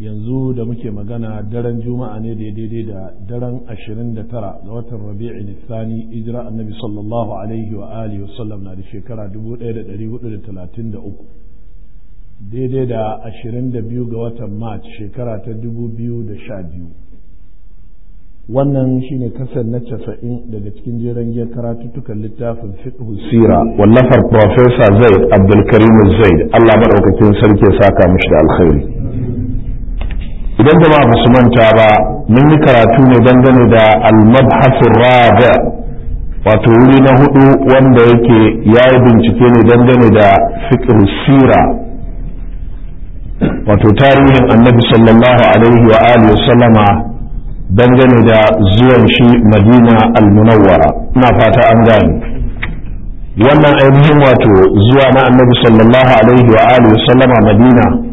yanzu da muke magana daren juma'a ne da daidai da daren 29 ga watan rabi'i nisani ijira annabi sallallahu alaihi wa alihi wa sallam na da shekara 1433 daidai da 22 ga watan march shekara ta 2012 wannan shine kasar na 90 daga cikin jeren giyar karatuttukan littafin fiqh sira wallafar professor zaid abdulkarim zaid Allah madaukakin sarki ya saka mishi da alkhairi idan jama'a ba su manta ba mun yi karatu ne dangane da al-mabhasu rabi wato wuri na hudu wanda yake yi bincike ne dangane da fiqh sira wato tarihin annabi sallallahu alaihi wa alihi sallama dangane da zuwan shi madina al ina fata an gane wannan ainihin wato zuwa na annabi sallallahu alaihi wa alihi sallama madina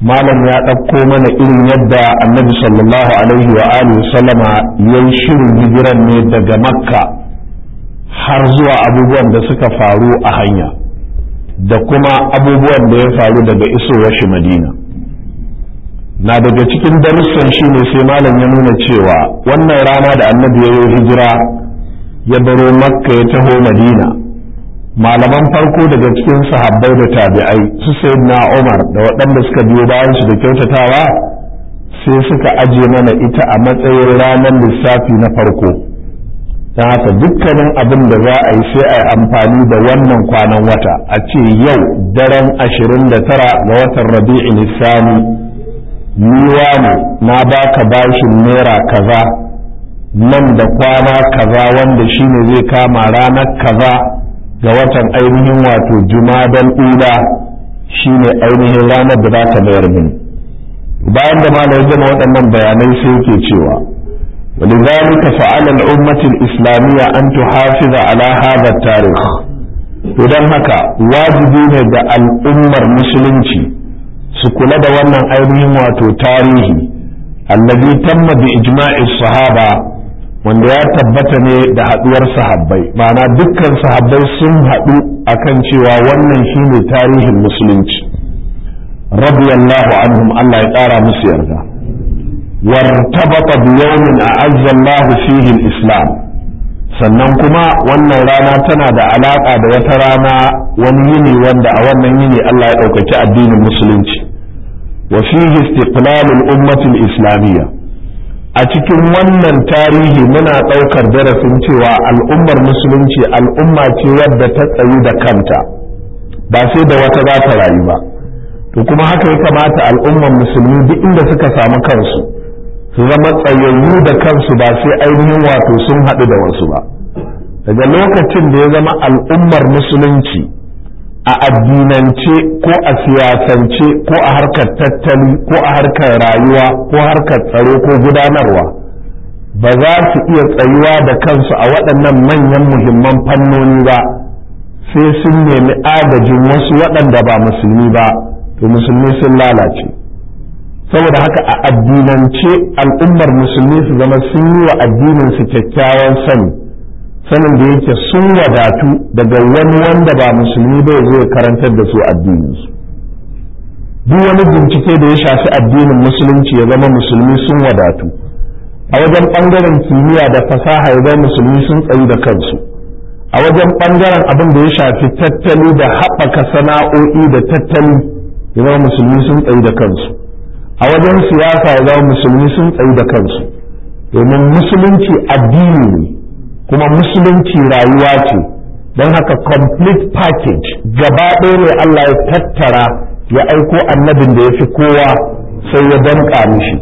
malam ya ɗauko mana irin yadda annabi sallallahu alaihi wa alihi sallama ya yi shirin hijiran ne daga makka har zuwa abubuwan da suka faru a hanya da kuma abubuwan da ya faru daga isowar shi madina na daga cikin darussan shi ne sai malam ya nuna cewa wannan rana da annabi ya yi hijira ya baro makka ya taho madina malaman farko daga cikin sahabbai da tabi'ai su na Umar da waɗanda suka biyo bayan su da kyautatawa sai suka aje mana ita a matsayin ranar lissafi na farko don haka dukkanin abin da za a yi sai a yi amfani da wannan kwanan wata a ce yau daren ashirin da tara ga watan rabi'in isani niwa ne na baka bashin naira kaza nan da kwana kaza wanda shine zai kama ranar kaza ga watan ainihin wato jumadan ula shine ainihin ranar da za ta mayar min. bayan da ma ya waɗannan bayanai sai yake cewa wani ولذلك فعل الأمة الإسلامية أن تحافظ على هذا التاريخ idan haka wajibi ne ga al'ummar musulunci su kula da wannan ainihin wato tarihi allazi tamma bi ijma'i sahaba wanda ya tabbata ne da haduwar sahabbai ma'ana dukkan sahabbai sun haɗu akan cewa wannan shine tarihin musulunci radiyallahu anhum Allah ya ƙara musu yarda wartabata bi yawmin a'azza Allah islam sannan kuma wannan rana tana da alaƙa da wata rana wani yini wanda a wannan yini Allah ya ɗaukaki addinin musulunci wa fihi istiqlal al islamiyya a cikin wannan tarihi muna ɗaukar darasin cewa al'ummar musulunci al'umma ce wadda ta tsayu da kanta ba sai da wata za ta rayu ba to kuma haka ya kamata al'ummar musulmi duk inda suka samu kansu su zama tsayayyu da kansu ba sai ainihin wato sun haɗu da wasu ba daga lokacin da ya zama al'ummar musulunci a addinance ko a siyasance ko a harkar tattali ko a harkar rayuwa ko harkar tsaro ko gudanarwa ba za su iya tsayuwa da kansu a waɗannan manyan muhimman fannoni ba sai sun nemi agajin wasu waɗanda ba musulmi ba to musulmi sun lalace saboda haka a addinance al'ummar musulmi su zama sun yi wa addininsu kyakkyawan sani sanin da yake sun wadatu daga wani wanda ba musulmi ba ya karantar da su addininsu duk wani bincike da ya shafi addinin musulunci ya zama musulmi sun wadatu a wajen ɓangaren kimiyya da fasaha ya zama musulmi sun tsayi da kansu a wajen bangaren abin da ya shafi tattali da haɓaka sana'o'i da tattali ya zama musulmi sun tsayi da kansu a wajen siyasa ya zama musulmi sun tsayi da kansu domin musulunci addini ne kuma musulunci rayuwa ce don haka complete package gaba ɗaya ne Allah ya tattara ya aiko annabin da ya fi kowa sai ya danƙa mishi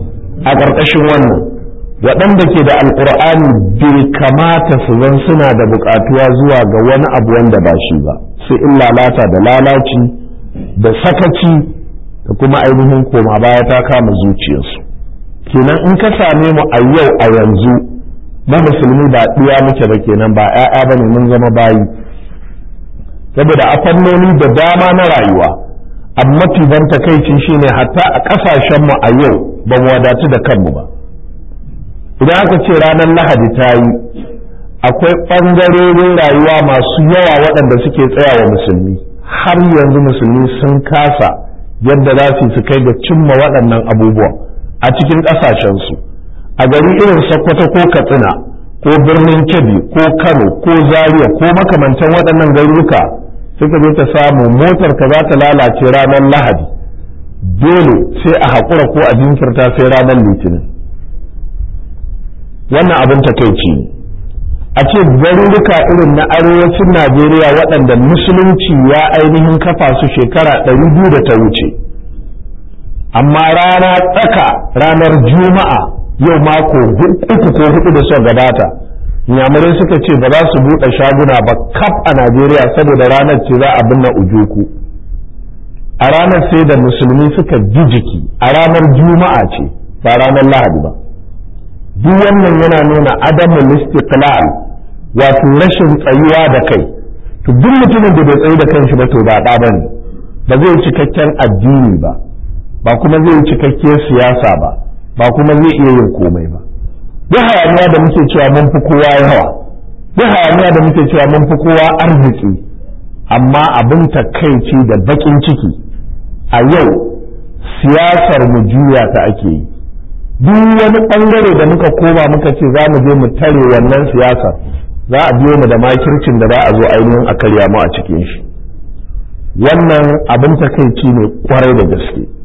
a ƙarƙashin wannan waɗanda ke da alƙur'ani bai kamata su zan suna da buƙatuwa zuwa ga wani abu wanda ba shi ba sai in lalata da lalaci da sakaci da kuma ainihin koma baya ta kama zuciyarsu kenan in ka same mu a yau a yanzu ma musulmi ba ɗiya muke ba kenan ba ƴaƴa bane mun zama bayi saboda a fannoni da dama na rayuwa amma ban takaici shine hatta a ƙasashen mu a yau ba mu wadatu da kanmu ba idan aka ce ranar lahadi ta yi akwai ɓangarorin rayuwa masu yawa waɗanda suke tsayawa musulmi har yanzu musulmi sun kasa yadda za su kai ga cimma waɗannan abubuwa a cikin ƙasashensu a gari irin sokoto ko katsina ko birnin kebbi ko kano ko zaria ko makamantan waɗannan garuruka suka je ta samu motar ka za ta lalace ranar lahadi dole sai a haƙura ko a jinkirta sai ranar litinin wannan abin takaici a ce garuruka irin na arewacin najeriya waɗanda musulunci ya ainihin kafa su shekara ɗari biyu da ta wuce amma rana tsaka ranar juma'a yau mako uku ko hudu da suka gadata, nyamurai suka ce ba za su buɗe shaguna ba kaf a najeriya saboda ranar ce za a binne ujuku a ranar sai da musulmi suka ji jiki a ranar juma'a ce ba ranar lahadi ba duk wannan yana nuna adamun istiqlal wato rashin tsayuwa da kai to duk mutumin da bai tsayi da kanshi ba to ba da ba ne ba zai cikakken addini ba ba kuma zai cikakkiyar siyasa ba ba kuma zai iya yin komai ba duk hayaniya da muke cewa mun fi kowa yawa duk hayaniya da muke cewa mun fi kowa arziki amma abin takaici da bakin ciki a yau siyasar mu juya ta ake yi duk wani bangare da muka koma muka ce za mu je mu tare wannan siyasar za a biyo mu da makircin da za a zo ainihin a karya mu a cikin shi wannan abin takaici ne kwarai da gaske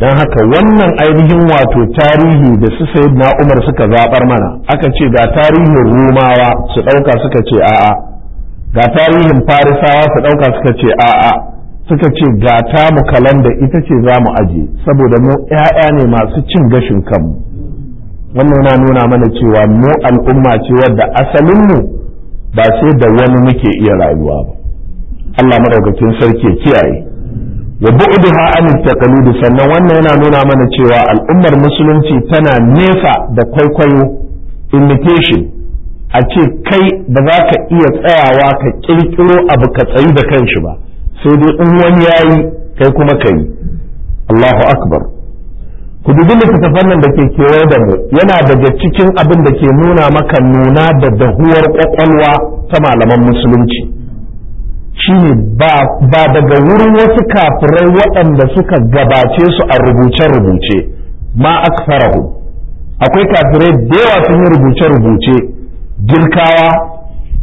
don haka wannan ainihin wato tarihi da su sayid na umar suka zaɓar mana aka ce ga tarihin rumawa su ɗauka suka ce a'a ga tarihin farisawa su ɗauka suka ce a'a suka ce ga ta mu kalanda ita ce za mu aje saboda mu 'ya'ya ne masu cin gashin kanmu wannan na nuna mana cewa mu al'umma ce wadda asalinmu ba sai da wani muke iya rayuwa ba Allah maɗaukakin sarki kiyaye wa bu'daha an taqalidi sannan wannan yana nuna mana cewa al'ummar musulunci tana nefa da kwaikwayo imitation a ce kai ba za ka iya tsayawa ka kirkiro abu ka tsayi da kanshi ba sai dai in wani yayi kai kuma kai Allahu akbar ku dubi littattafan nan da ke kewaye da mu yana daga cikin abin da ke nuna maka nuna da dahuwar kwakwalwa ta malaman musulunci shine ba daga wurin wasu kafirai waɗanda suka gabace su a rubuce-rubuce ma aksarahu akwai kafirai da yawa sun yi rubuce-rubuce girkawa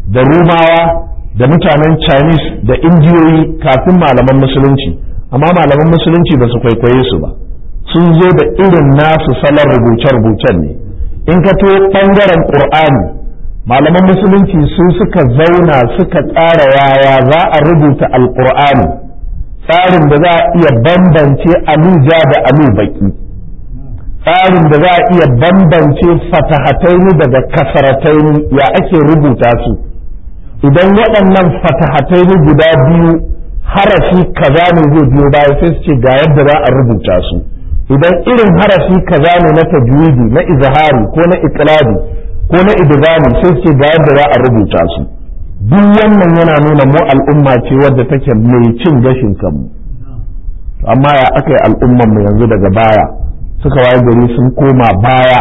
da rumawa da mutanen chinese da indiyoyi kafin malaman musulunci amma malaman musulunci ba su kwaikwaye su ba sun zo da irin nasu salon rubuce-rubucen ne in ka to ɓangaren ƙur'ani malaman musulunci su suka zauna suka tsara yaya za a rubuta alkur'ani tsarin da za a iya bambance aluja da alu baƙi. tsarin da za a iya bambance fatahataini daga kasarataini ya ake rubuta su idan waɗannan fatahataini guda biyu harafi kaza ne zai biyo baya sai su ce ga yadda za a rubuta su idan irin harafi kaza ne na tajwidi na izhari ko na iqladi ko na idgami sai ce da yadda za a rubuta su duk wannan yana nuna mu al'umma ce wadda take mai cin gashin kanmu amma ya aka yi al'umman mu yanzu daga baya suka waye gari sun koma baya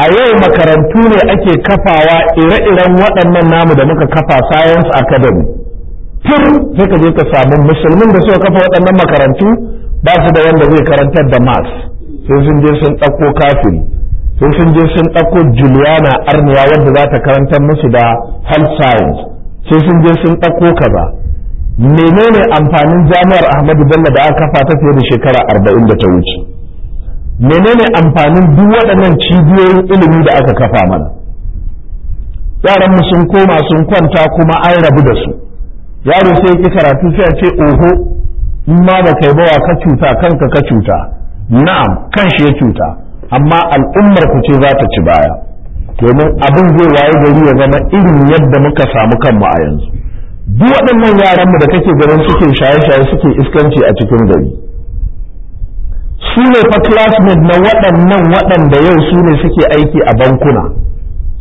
a yau makarantu ne ake kafawa ire-iren waɗannan namu da muka kafa science academy Tun sai ka je ka samu musulmin da suka kafa waɗannan makarantu ba su da wanda zai karantar da Mars. sai sun je sun ɗauko kafin. sun sun je sun ɗauko Juliana Arniya wadda za ta karantar musu da health science sai sun je sun ɗauko kaza menene amfanin jami'ar Ahmadu Bello da aka kafa ta fiye da shekara arba'in da ta wuce menene amfanin duk waɗannan cibiyoyin ilimi da aka kafa mana yaran mu sun koma sun kwanta kuma an rabu da su yaro sai ki karatu sai a ce oho in ma da kai bawa ka cuta kanka ka cuta na'am kan shi ya cuta amma al'ummar ku ce za ta ci baya domin abin zai waye gari ya zama irin yadda muka samu kanmu a yanzu duk waɗannan yaran mu da kake ganin suke shaye-shaye suke iskanci a cikin gari su ne fa classmate na waɗannan waɗanda yau su ne suke aiki a bankuna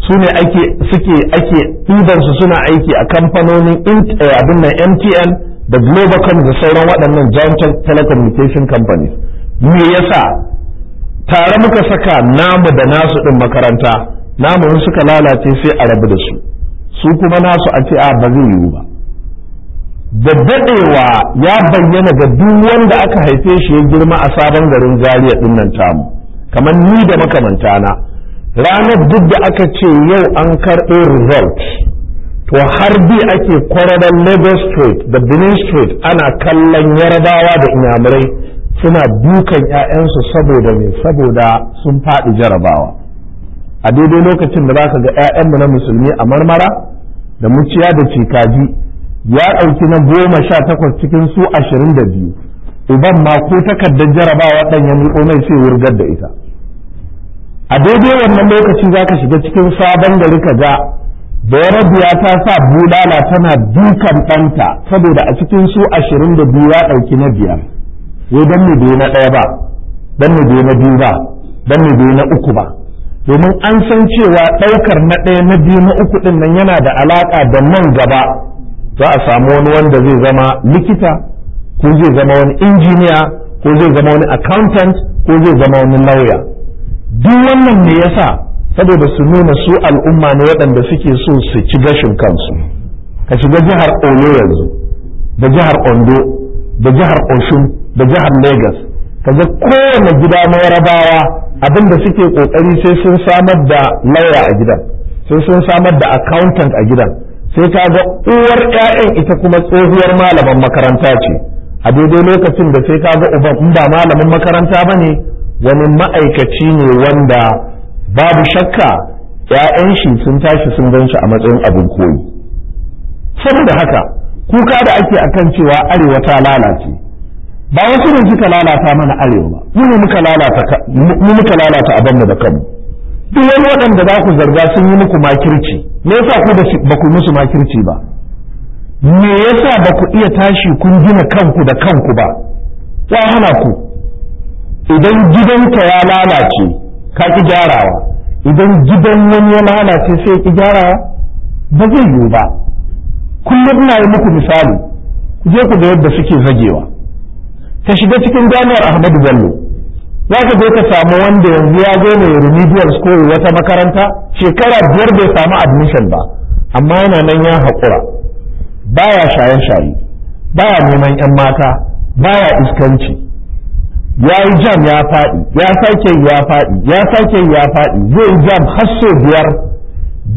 su ne ake suke ake ɗibansu suna aiki a kamfanonin eh, abin nan MTN da global da sauran waɗannan giant telecommunication companies me yasa tare muka saka namu da nasu ɗin makaranta namu in suka lalace sai a rabu da su su kuma nasu a ce a ba zai yiwu ba da daɗewa ya bayyana ga duk wanda aka haife shi ya girma a sabon garin zariya ɗin nan tamu kamar ni da na ranar duk da aka ce yau an karɓo result to har bi ake kwararar lagos street da benin street ana kallon yarabawa da inyamurai suna dukan 'ya'yansu saboda mai saboda sun faɗi jarabawa a daidai lokacin da zaka ga 'ya'yanmu na musulmi a marmara da muciya da cikaji ya ɗauki na goma sha takwas cikin su ashirin da biyu uban ma ko takardar jarabawa ɗan ya miƙo mai sai wurgar da ita a daidai wannan lokaci za ka shiga cikin sabon gari ka ga bayarabiya ta sa bulala tana dukan ɗanta saboda a cikin su ashirin da biyu ya ɗauki na biyar ya dan mu bai na ɗaya ba dan mu bai na biyu ba dan mu bai na uku ba domin an san cewa ɗaukar na ɗaya na biyu na uku ɗin nan yana da alaƙa da nan gaba za a samu wani wanda zai zama likita ko zai zama wani injiniya ko zai zama wani accountant ko zai zama wani lauya duk wannan me yasa saboda su nuna su al'umma ne waɗanda suke so su ci gashin kansu ka shiga jihar Oyo yanzu da jihar Ondo da jihar Oshun da jihar Legas kaga kowane gida na abinda abin suke kokari sai sun samar da lauya a gidan sai sun samar da accountant a gidan sai ta ga uwar 'ya'yan ita kuma tsohuwar malaman makaranta ce a daidai lokacin da sai ka ga uban in ba malamin makaranta ba ne wani ma'aikaci ne wanda babu shakka 'ya'yan shi sun tashi sun gan shi a matsayin abin koyi saboda haka kuka da ake akan cewa arewa ta lalace ba wasu ne suka lalata mana arewa ba mu ne muka lalata mu muka lalata abin da kanmu duk wani waɗanda za ku zarga sun yi muku makirci me yasa ku ba ku musu makirci ba me yasa ba ku iya tashi kun gina kanku da kanku ba ya hana ku idan gidan ka ya lalace ka ki gyarawa idan gidan wani ya lalace sai ki gyarawa ba zai yiwu ba kullum ina yi muku misali ku je ku ga yadda suke zagewa Ta shiga cikin jami'ar ahmadu bello za ka je ka samu wanda yanzu ya zo ne remedial school wata makaranta shekara biyar bai samu admission ba amma yana nan ya haƙura baya shaye-shaye baya neman 'yan mata baya iskanci ya yi jam ya faɗi ya sake ya faɗi ya sake ya faɗi zai yi jam har sau biyar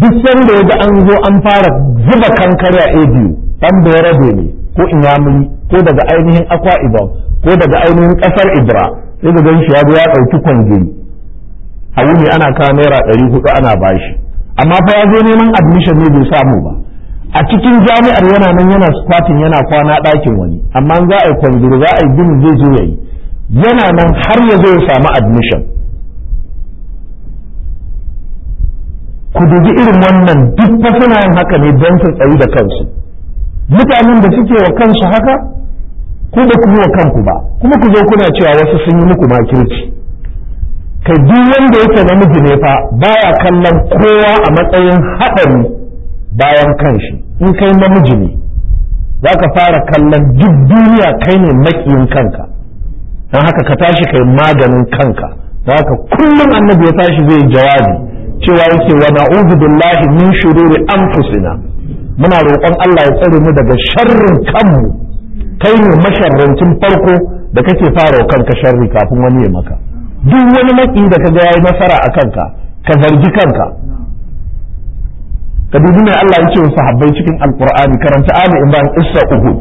duk sanda da an zo an fara zuba kankare a ABU ɗan bayar ne ko inyamuri ko daga ainihin akwa ibom ko daga ainihin ƙasar ibra sai ga ganshi ya ya ya ɗauki kwangiri a wuni ana kawo naira ɗari hudu ana bashi amma fa ya zo neman admission ne bai samu ba a cikin jami'ar yana nan yana squatting yana kwana ɗakin wani amma za a yi kwangiri za a yi gini zai zo ya yi yana nan har ya zo ya samu admission ku dubi irin wannan duk fa suna yin haka ne don su tsayi da kansu mutanen da suke wa kansu haka ku ba ku yi wa kanku ba kuma ku zo kuna cewa wasu sun yi muku makirci kai duk wanda yake namiji ne fa baya kallon kowa a matsayin haɗari bayan kanshi in kai namiji ne za ka fara kallon duk duniya kai ne makiyin kanka don haka ka tashi kai maganin kanka don haka kullum annabi ya tashi zai jawabi cewa yake wa na'udhu billahi min shururi anfusina muna roƙon Allah ya tsare mu daga sharrin kanmu kai ne masharrancin farko da kake fara kanka sharri kafin wani ya maka duk wani maki da kaga yayi nasara a kanka ka zargi kanka ka dubi mai Allah ya ce wa sahabbai cikin Alkur'ani karanta ali imran isa uhud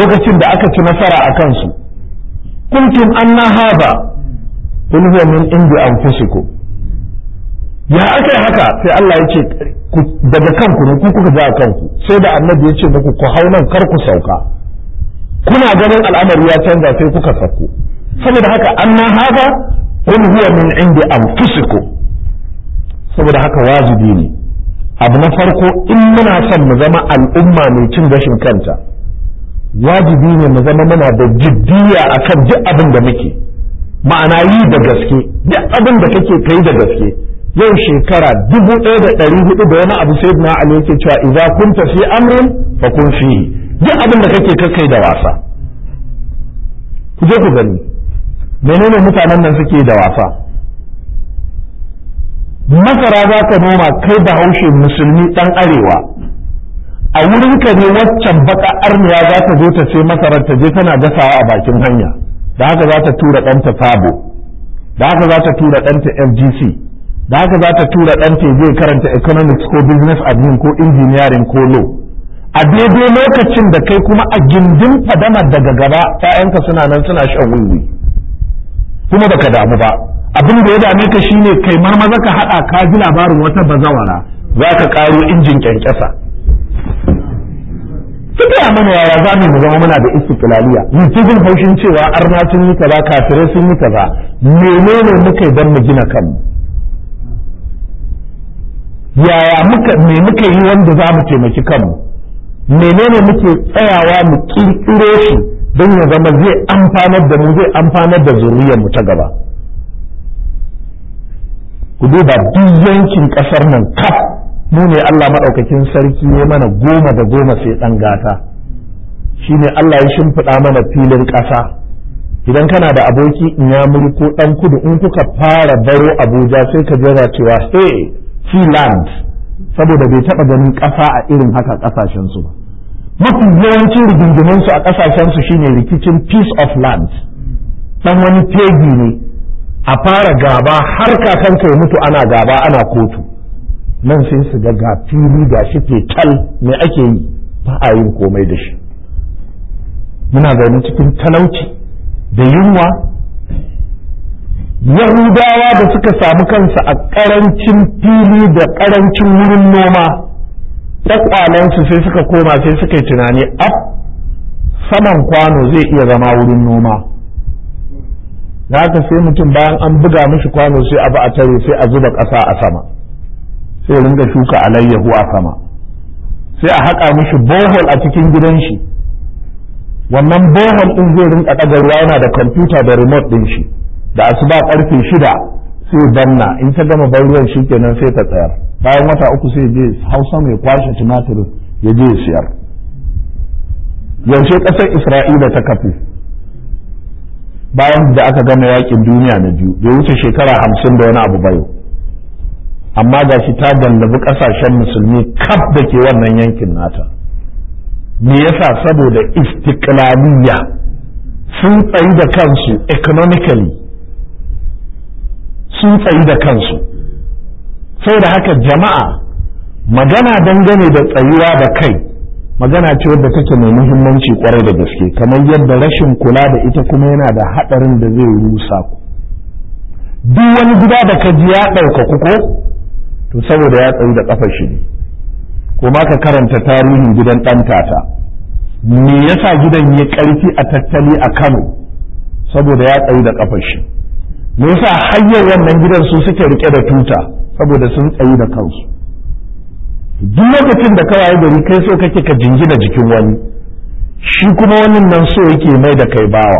lokacin da aka ci nasara a kansu kuntum anna haba qul huwa min indi anfusikum ya aka yi haka sai Allah ya ce daga kanku ne ku kuka a kanku sai da annabi ya ce muku ku hau nan kar ku sauka kuna ganin al'amari ya canza sai kuka sauko saboda haka amma haka kun huwa min indi anfusikum saboda haka wajibi ne abu na farko in muna son mu zama al'umma mai cin gashin kanta wajibi ne mu zama muna da jiddiya akan duk abin da muke ma'ana yi da gaske duk abin da kake kai da gaske yau shekara dubu ɗaya da ɗari hudu da wani abu sai na ali yake cewa idza kunta fi amrin fa kun fi duk abin da kake kakai da wasa ku je ku gani menene mutanen nan suke da wasa masara za ka noma kai da haushe musulmi ɗan arewa a wurin ka ne waccan baka arniya za ta zo ta ce masarar ta je tana gasawa a bakin hanya da haka za ta tura ɗanta fabo da haka za ta tura ɗanta fgc da haka za ta tura ɗanta zai karanta economics ko business admin ko engineering ko law a daidai lokacin da kai kuma a gindin fadamar daga gaba ‘ya'yanka suna nan suna shan wiwi kuma baka damu ba abin da ya dame ka shine kai marmaza ka haɗa ka ji labarin wata bazawara za ka karo injin kyankyasa Fita mana yaya za mu zama muna da istiklaliya mu jin haushin cewa arna sun yi kaza kafirai sun yi kaza menene muka yi don mu gina kanmu yaya muka me muka yi wanda za mu taimaki kanmu menene muke tsayawa mu kirkiro shi don ya zama zai amfanar da mu zai amfanar da zuriyar mu ta gaba ku duba duk yankin kasar nan kaf mu ne Allah madaukakin sarki ne mana goma da goma sai dan gata shine Allah ya shimfiɗa mana filin ƙasa idan kana da aboki in ya muri ko dan kudu in kuka fara baro Abuja sai ka jira cewa eh land saboda bai taɓa ganin ƙasa a irin haka ƙasashensu ba mafi yawancin rigingimin su a ƙasashen su shine rikicin peace of land dan wani tegi ne a fara gaba har kakan kai mutu ana gaba ana kotu nan sai su ga ga fili ga shi tal me ake yi ba a yin komai da shi muna zaune cikin talauci da yunwa yahudawa da suka samu kansu a ƙarancin fili da ƙarancin wurin noma ƙwaƙwalansu sai suka koma sai suka yi tunani af saman kwano zai iya zama wurin noma da haka sai mutum bayan an buga mishi kwano sai abu a tare sai a zuba ƙasa a sama sai ringa shuka alayyahu a sama sai a haƙa mishi bohol a cikin gidan shi wannan bohol ɗin zai rinka ɗaga ruwa yana da kwamfuta da remote ɗin shi da asuba karfe shida sai banna in ta gama ban ruwan shikenan sai ta tsayar bayan wata uku sai je hausa mai kwashe tumatir ya je siyar yaushe ƙasar isra'ila ta kafi? bayan da aka gama yakin duniya na biyu bai wuce shekara hamsin da wani abu bayo amma ga shi ta gallabi ƙasashen musulmi kaf da ke wannan yankin nata me yasa saboda istiklaliya sun tsayi da kansu economically sun tsayi da kansu sai da haka jama'a magana dangane da tsayuwa da kai magana ce wadda take mai muhimmanci kwarai da gaske kamar yadda rashin kula da ita kuma yana da haɗarin da zai rusa ku duk wani gida da ka ji ya ɗauka kuko to saboda ya tsayi da ƙafa shi kuma ka karanta tarihin gidan ɗan tata me yasa gidan ya ƙarfi a tattali a kano saboda ya tsayi da ƙafa shi me yasa hanyar wannan gidan su suke rike da tuta saboda sun tsayi da kansu duk lokacin da kawai gari kai so kake ka jingina jikin wani shi kuma wannan nan so yake mai da kai bawa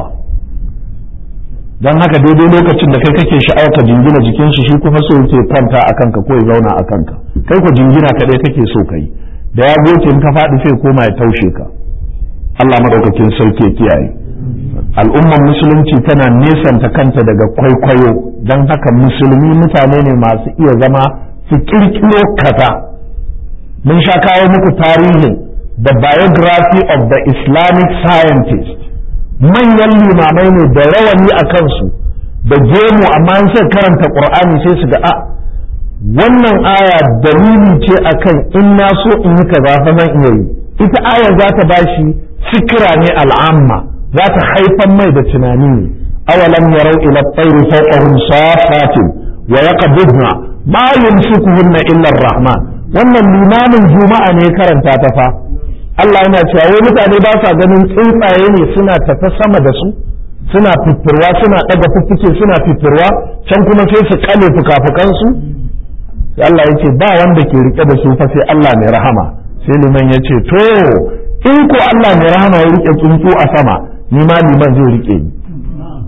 don haka daidai lokacin da kai kake sha'awar ka jingina jikin shi shi kuma so yake kwanta a kanka ko ya zauna a kanka kai ko jingina kaɗai kake so kai da ya goce in ka faɗi sai koma ya taushe ka Allah madaukakin sarki ya kiyaye al'ummar musulunci tana nesanta kanta daga kwaikwayo don haka musulmi mutane ne masu iya zama su kirkiro kaza mun sha kawo muku tarihin the biography of the islamic scientist manyan limamai ne da rawani a kansu da gemu amma in sai karanta qur'ani sai su ga a ah, wannan aya dalili ce akan in na so in yi kaza fa zan iya yi ita aya za ta bashi fikira ne al'amma za ta haifan mai da tunani ne awalan ya rau ila tsairi fawqahum safatin wa su ma yumsikuhunna illar rahman wannan limanin juma'a ne karanta ta fa Allah yana cewa wai mutane ba sa ganin tsuntsaye ne suna tafa sama da su suna fiffirwa suna daga fuffuke suna fiffirwa can kuma sai su kale fukafukansu Allah ya ce ba wanda ke rike da su fa sai Allah mai rahama sai liman ya ce to in ko Allah mai rahama ya rike tsuntsu a sama ni ma liman zai rike ni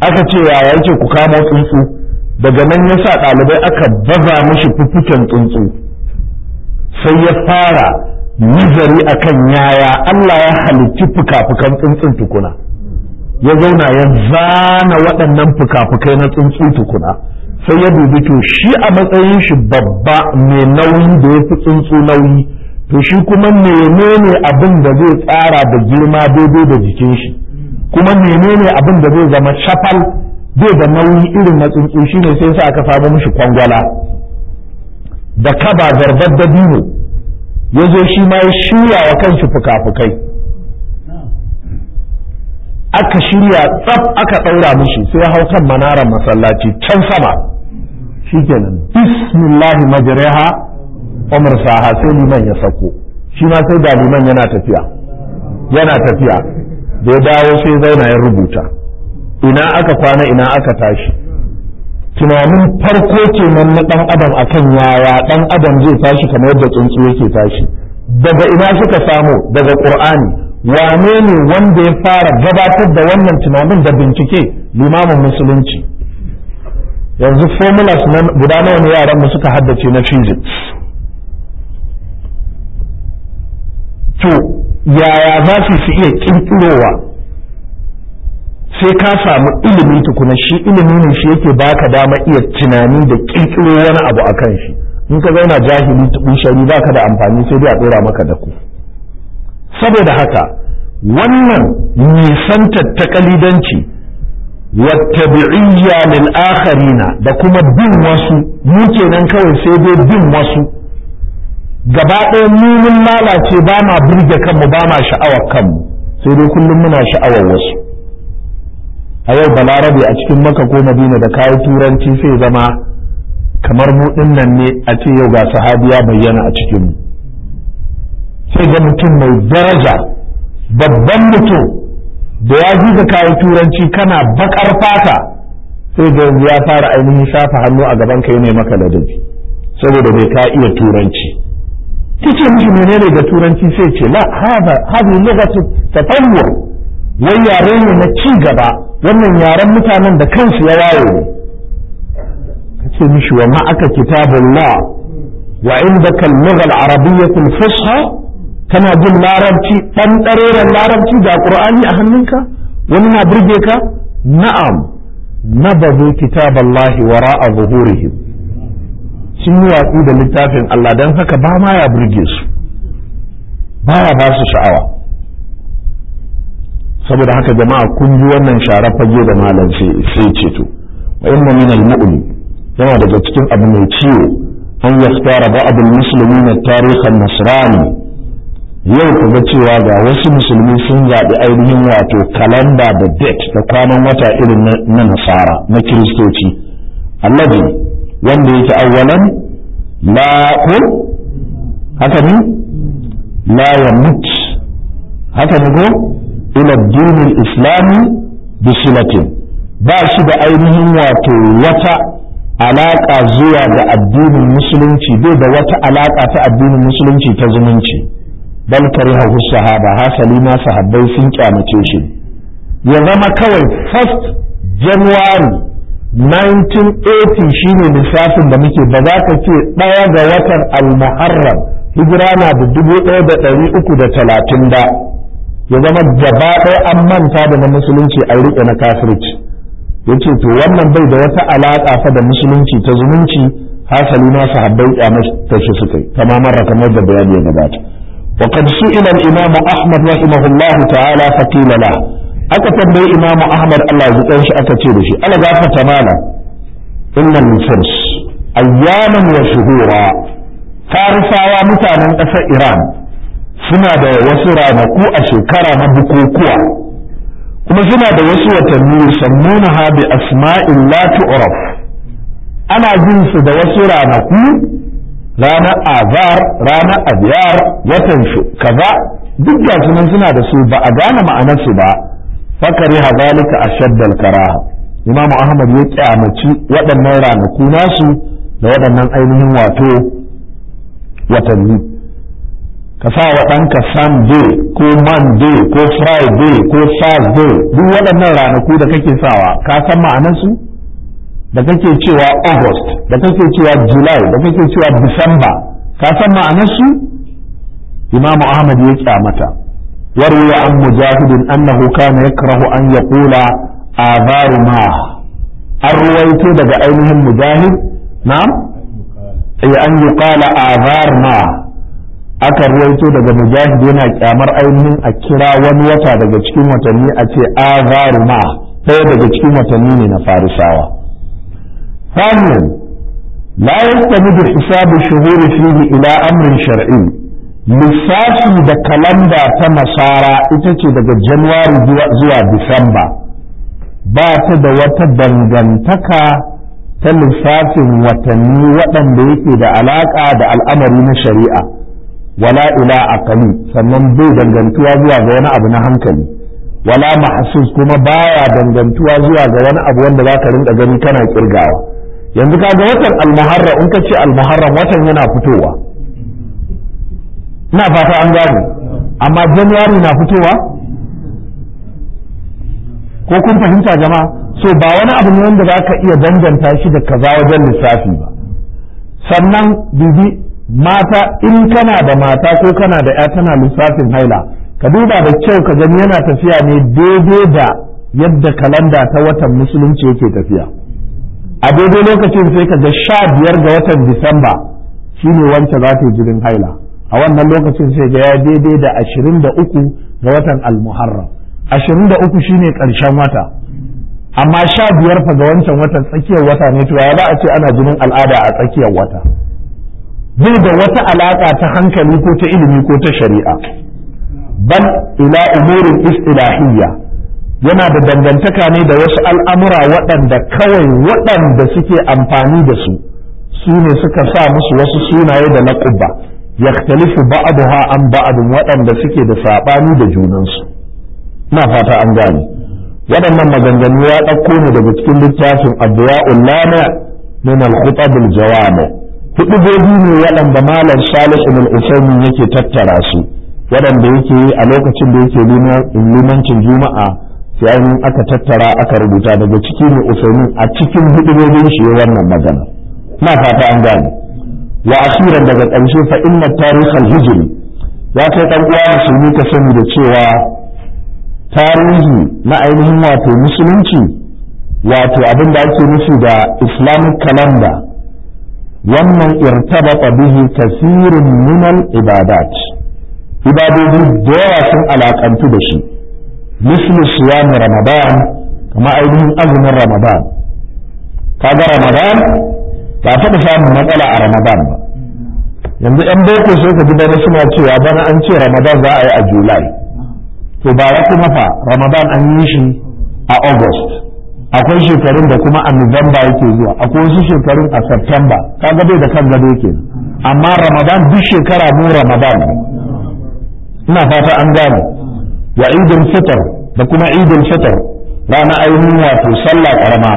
aka ce yaya yake ku kamo tsuntsu daga nan ya sa ɗalibai aka baza mashi fuffuken tsuntsu sai ya fara nazari akan yaya Allah ya halitti fuka-fukan tsuntsun tukuna ya zauna ya zana waɗannan fuka-fukai na tsuntsu tukuna sai ya dubi to shi a matsayin shi babba mai nauyi da ya fi tsuntsu nauyi to shi kuma menene abin da zai tsara da girma daidai da jikin shi kuma menene abin da zai zama shafal zai da nauyi irin na tsuntsu shine sai sa aka samu mishi kwangwala da kaba zarbar da dino ya zo shi ma ya shirya wa kanshi fuka-fukai aka shirya tsaf aka ɗaura mishi sai hau kan manarar masallaci can sama shikenan bismillahi majriha umar saha sai liman ya sako shi ma sai da liman yana tafiya yana tafiya da ya dawo sai zauna ya rubuta ina aka kwana ina aka tashi tunanin farko nan na dan adam akan yaya dan adam zai tashi kamar yadda tsuntsu yake tashi daga ina suka samu daga qur'ani wane ne wanda ya fara gabatar da wannan tunanin da bincike limamin musulunci yanzu formulas guda nawa ne yaran mu suka haddace na physics to yaya za su su iya ƙirƙirowa sai ka samu ilimin tukuna shi ilimin ne shi yake baka dama iya tunani da kinkiro wani abu a kan shi in ka zauna jahili tuɓin ba ka da amfani sai dai a ɗora maka da ku saboda haka wannan nisantar ta kalidanci wattabi'iyya lil akharina da kuma bin wasu mu kenan kawai sai dai bin wasu gaba ɗaya munin lalace ba ma birge kanmu ba ma sha'awar kanmu sai dai kullum muna sha'awar wasu a yau balarabe a cikin maka ko madina da kayi turanci sai zama kamar mu nan ne a ce yau ga sahabiya bayyana a cikin mu sai ga mutum mai daraja babban mutum da ya ji da kayi turanci kana bakar fata sai ga yanzu ya fara ainihin shafa hannu a gaban ka ne maka ladabi saboda bai ka iya turanci ta ce mishi menene da turanci sai ce la hada hadi lughatu tatawwu wai yare ne na ci gaba wannan yaren mutanen da kansu ya waye ne ce mishi wa ma aka kitabullah wa indaka al-lugha al-arabiyyah al-fusha kana jin larabci dan dareran larabci ga qur'ani a hannunka wani na burge ka na'am nabadu kitaballahi wara'a zuhurihim sun yi watsi da littafin Allah don haka ba ma ya burge su ba ya ba su sha'awa saboda haka jama'a kun ji wannan shara fage da malam sai ceto wa inna min al yana daga cikin abu mai ciwo an yaftara ba'd al na na tarikh nasrani yau ku ga cewa ga wasu musulmi sun zaɓi ainihin wato kalanda da date da kwanan wata irin na nasara na kiristoci allazi wanda yake awwalan la ku haka ne la yamut haka ne ko ila dinin islami bisilatin ba shi da ainihin wato wata alaƙa zuwa ga addinin musulunci bai da wata alaƙa ta addinin musulunci ta zumunci bal hu sahaba hasali ma sahabbai sun kyamace shi ya zama kawai 1 january 1980 shine lissafin da muke ba za ka ce ɗaya ga watan al-muharram hijira na da dubu ɗaya da ɗari uku da talatin da ya zama gaba an manta da na musulunci a riƙe na kafirci ya ce to wannan bai da wata alaƙa fa da musulunci ta zumunci hasali ma su ƙyamar ta shi suka yi kama mara kamar da bayani ya gabata وقد سئل الإمام أحمد رحمه الله تعالى فقيل له aka tambayi imamu ahmad Allah ya zuƙan shi aka ce da shi ala ta mana innal furs ayyaman wa shuhura farisawa mutanen ƙasar iran suna da wasu ranaku a shekara na bukukuwa kuma suna da wasu watanni sammuna ha bi asma'in la tu'raf ana jin su da wasu ranaku ranar azar ranar abyar watan kaza duk ga sunan suna da su ba a gane ma'anarsu ba fakari hazalika ashaddal karaha imamu ahmad ya kyamaci waɗannan ranaku nasu da waɗannan ainihin wato watanni ka sa wa ɗanka sunday ko monday ko friday ko thursday duk waɗannan ranaku da kake sawa ka san su da kake cewa august da kake cewa july da kake cewa december ka san su imamu ahmad ya kyamata وروي عن مجاهد أنه كان يكره أن يقول آذار ما الرويت دقى أينهم مجاهد نعم أي أن يقال آذار ما aka ruwaito daga mujahid yana kyamar ainihin a kira wani wata daga cikin watanni a ce azaru ma ɗaya daga cikin watanni ne na farisawa fannin la yastamidu hisabu shuhuri fihi ila amrin shar'i lissafi da kalanda ta nasara ita ce daga januwari zuwa disamba ba ta da wata dangantaka ta lissafin watanni waɗanda yake da alaƙa da al'amari na shari'a wala ila akali sannan bai dangantuwa zuwa ga wani abu na hankali wala mahsus kuma baya dangantuwa zuwa ga wani abu wanda za ka rinka gani kana kirgawa yanzu kaga watan almuharram in ka ce almuharram watan yana fitowa ina fata an gane amma january na fitowa ko kun fahimta jama'a so ba wani abu ne wanda za ka iya danganta shi da kaza wajen lissafi ba sannan bibi mata in kana da mata ko kana da ya tana lissafin haila ka duba da kyau ka gani yana tafiya ne daidai da yadda kalanda ta watan musulunci yake tafiya a daidai lokacin sai ka ga sha biyar ga watan disamba shine wancan za ta yi jirin haila a wannan lokacin sai ga ya daidai da ashirin da uku ga watan almuharram ashirin da uku shine ƙarshen wata amma sha biyar fa ga wancan watan tsakiyar wata ne to ya ba a ce ana jinin al'ada a tsakiyar wata bai da wata alaƙa ta hankali ko ta ilimi ko ta shari'a bal ila umurin istilahiyya yana da dangantaka ne da wasu al'amura waɗanda kawai waɗanda suke amfani da su su ne suka sa musu wasu sunaye da na ƙubba yaktalifu ba'daha an ba'dun waɗanda suke da saɓani da junansu ina fata an gane waɗannan maganganu ya ɗauko ne daga cikin littafin addu'a'ul lana min al-khutab al-jawami hudubobi ne waɗanda malam Salisu ibn Usaimin yake tattara su waɗanda yake yi a lokacin da yake limancin juma'a sai aka tattara aka rubuta daga ciki ne Usaimin a cikin hudubobin shi wannan magana na fata an gane wa asiran daga ƙarshe fa inna tarikhal hijri ya kai dan uwa musulmi ka sani da cewa tarihi na ainihin wato musulunci wato abin da ake nufi da islamic calendar wannan irtabata bihi kasirun minal ibadat ibadodi da yawa sun alakantu da shi misli siyami ramadan kama ainihin azumin ramadan kaga ramadan ba faɗa samun matsala a ramadan ba yanzu yan boko sai ka ji bana suna cewa bana an ce ramadan za a yi a july to ba bara kuma fa ramadan an yi shi a august akwai shekarun da kuma a november yake zuwa akwai wasu shekarun a september ka gado da kan gado ke amma ramadan duk shekara mu ramadan ina fata an gane wa idul fitr da kuma idul fitr rana ainihin wato sallah karama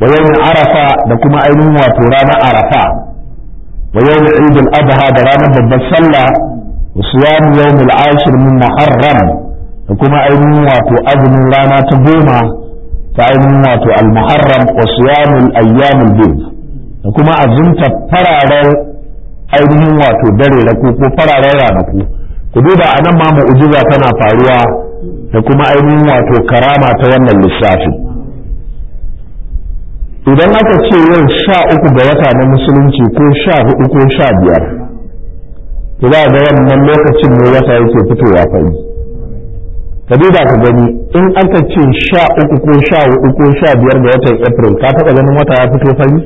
wa yawmin arafa da kuma ainihin wato ranar arafa wa yawmin idul adha da ranar babbar sallah wa siyamu yawmil ashir min muharram da kuma ainihin wato azumin rana ta goma ta ainihin wato al-muharram wa siyamul ayyamul bayt da kuma azumta fararen ainihin wato dare da ko fararen ranaku ku duba anan ma mu'jiza tana faruwa da kuma ainihin wato karama ta wannan lissafi idan aka ce yau sha uku ga wata na musulunci ko sha hudu ko sha biyar za ga wannan lokacin ne wata yake fitowa fari ka duba ka gani in aka ce sha uku ko sha hudu ko sha biyar ga watan april ka taɓa ganin wata ya fito fari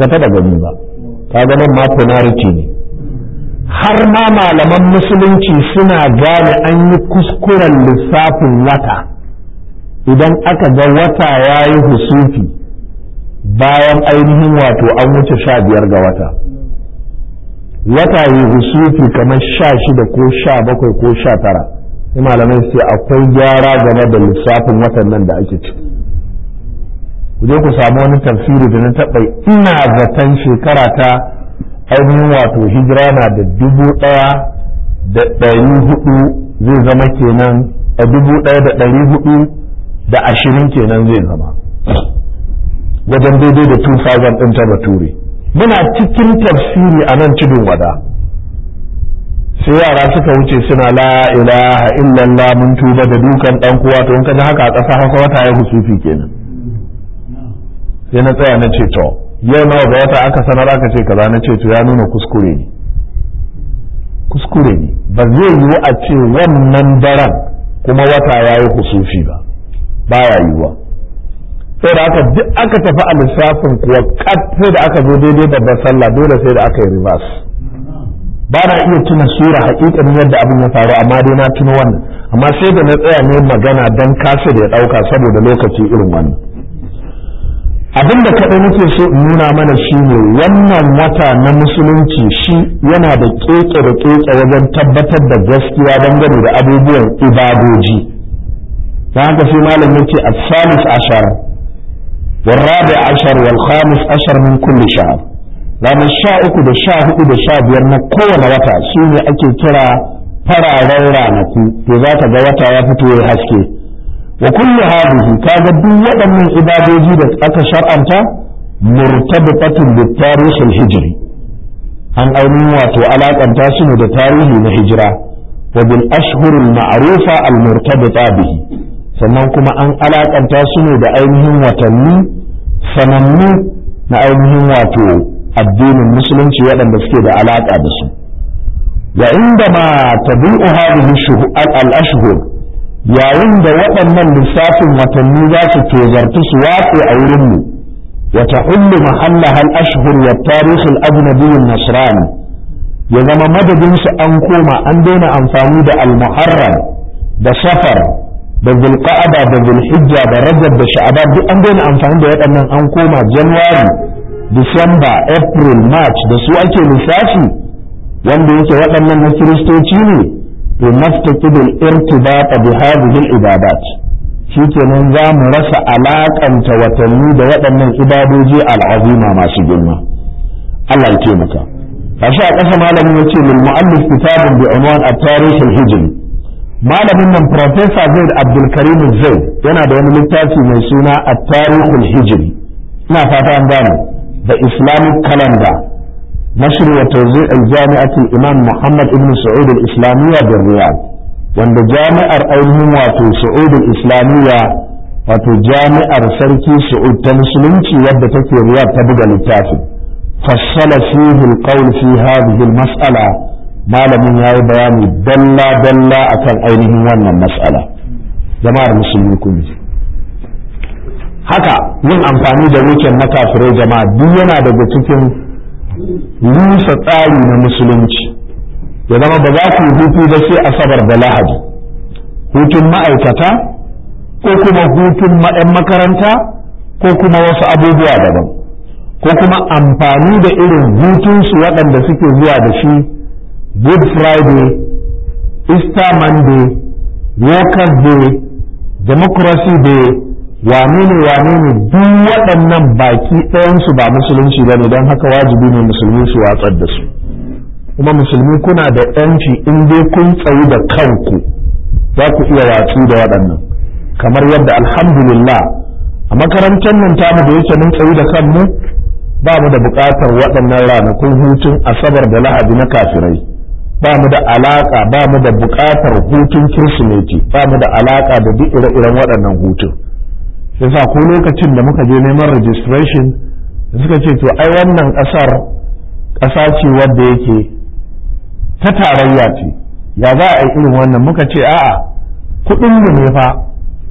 ka taɓa gani ba ka ganin ma tonarity ne har ma malaman musulunci suna gane an yi kuskuren lissafin wata idan aka ga wata ya yi husufi bayan ainihin wato an wuce sha biyar ga wata wata yi husufi kamar sha shida ko sha bakwai ko sha tara ya malamai sai akwai gyara game da lissafin watan nan da ake ci ku je ku samu wani tafsiri da na taɓa ina zaton shekara ta ainihin wato hijira na da dubu ɗaya da ɗari hudu zai zama kenan a dubu ɗaya da ɗari hudu da ashirin kenan zai zama wajen daidai da 2000 ɗin ta bature muna cikin tafsiri a nan cikin wada sai yara suka wuce suna la ilaha illallah mun tuba da dukan dan kowa to in ka ji haka a ƙasa haka wata ya husufi kenan sai na tsaya na ce to yau nawa ga wata aka sanar aka ce kaza na ce to ya nuna kuskure ne kuskure ne ba zai yiwu a ce wannan daren kuma wata ya yi husufi ba ba baya yiwuwa da aka duk aka tafi a lissafin kuwa sai da aka zo daidai babbar sallah dole sai da aka yi ribas ba na iya tuna sura hakikanin yadda abin ya faru amma dai na tuna wannan amma sai da na tsaya ne magana dan kasa da ya dauka saboda lokaci irin wannan abin da kaɗai nake so in nuna mana shi ne wannan wata na musulunci shi yana da keke da keke wajen tabbatar da gaskiya dangane da abubuwan ibadoji na haka sai malam yake a salis ashara والرابع عشر والخامس عشر من كل شهر ranar sha uku da sha hudu da sha biyar na kowane wata su ne ake kira fararen ranaku to za ka ga wata ya fito ya haske wa kullu hadhihi kaga duk waɗannan ibadoji da aka shar'anta murtabitatun bi tarihil hijri an ainihin wato alaƙanta su ne da tarihi na hijira wa bil ashhuril maarufa al murtabita bihi sannan kuma an alaƙanta su ne da ainihin watanni sanannu na ainihin wato addinin musulunci waɗanda suke da alaƙa da su wa inda ma tabi'u hadhihi al-ashhur yayin da waɗannan lissafin watanni za su tozartu su watse a wurin mu wa tahullu mahallaha al-ashhur wa tarikh al-ajnabi nasrani ya zama madadin su an koma an daina amfani da al-muharram da safar da zulqa'ada da zulhijja da rajab da ba duk an daina amfani da waɗannan an koma january december april march da su ake lissafi wanda yake waɗannan na kiristoci ne to naftaqidul irtibata bi hadhihi al-ibadat shikenan za mu rasa alaƙanta watanni da waɗannan ibadoji al'azima masu girma Allah ya taimaka a ƙasa malamin ya ce lil mu'allif kitabun bi unwan at-tarikh al-hijri malamin nan profesa zaid abdulkarim zaid yana da wani littafi mai suna a tarihul hijiri ina fata an gane da islamic calendar نشر وتوزيع الجامعة Muhammad محمد بن سعود da بالرياض wanda jami'ar ainihin wato sa'udul islamiyya wato jami'ar sarki su'ud ta musulunci wadda take riyad ta buga littafin fassala fihi alqawl fi hadhihi mas'ala. malamin ya yi bayani dalla dalla akan ainihin wannan matsala jama'ar musulmi kuma haka yin amfani da wikin na kafirai jama'a duk yana daga cikin rusa tsari na musulunci ya zama ba za ku hutu ba sai asabar da lahadi hutun ma'aikata ko kuma hutun ma'yan makaranta ko kuma wasu abubuwa daban ko kuma amfani da irin hutunsu waɗanda suke zuwa da shi good friday easter monday workers day democracy day wane ne wane ne duk waɗannan baki ɗayansu ba musulunci ba ne don haka wajibi ne musulmi su watsar da su kuma musulmi kuna da yanci in dai kun tsayi da kanku za ku iya watsu da waɗannan kamar yadda alhamdulillah a makarantar nan tamu da yake mun tsayi da kanmu ba mu da buƙatar waɗannan ranakun hutun asabar da lahadi na kafirai ba mu da alaka ba mu da bukatar hutun kirsimeti ba mu da alaka da duk ire-iren waɗannan hutun sa ko lokacin da muka je neman registration suka ce to ai wannan ƙasar ƙasa ce wadda yake ta tarayya ce ya za a yi irin wannan muka ce a'a mu ne fa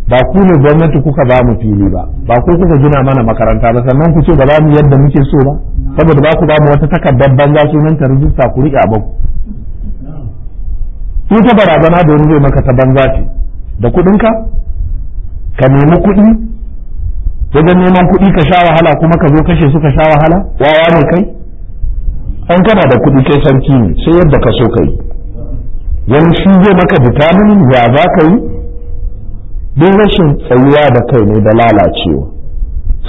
ba ku ne gwamnati kuka ba mu fili ba ba ku kuka gina mana makaranta ba sannan ku ce ba za mu yadda muke so ba saboda ba ku ba mu wata takardar banza sunan ta rijista ku riƙe a ku In ita barazana da wani zai maka ta banza ce da kuɗinka ka nemi kuɗi wajen neman kuɗi ka sha wahala kuma ka zo kashe su ka sha wahala wawa ne kai an kana da kuɗi kai sarki ne sai yadda ka so kai wani shi zai maka vitamin ya za ka yi don rashin tsayuwa da kai ne da lalacewa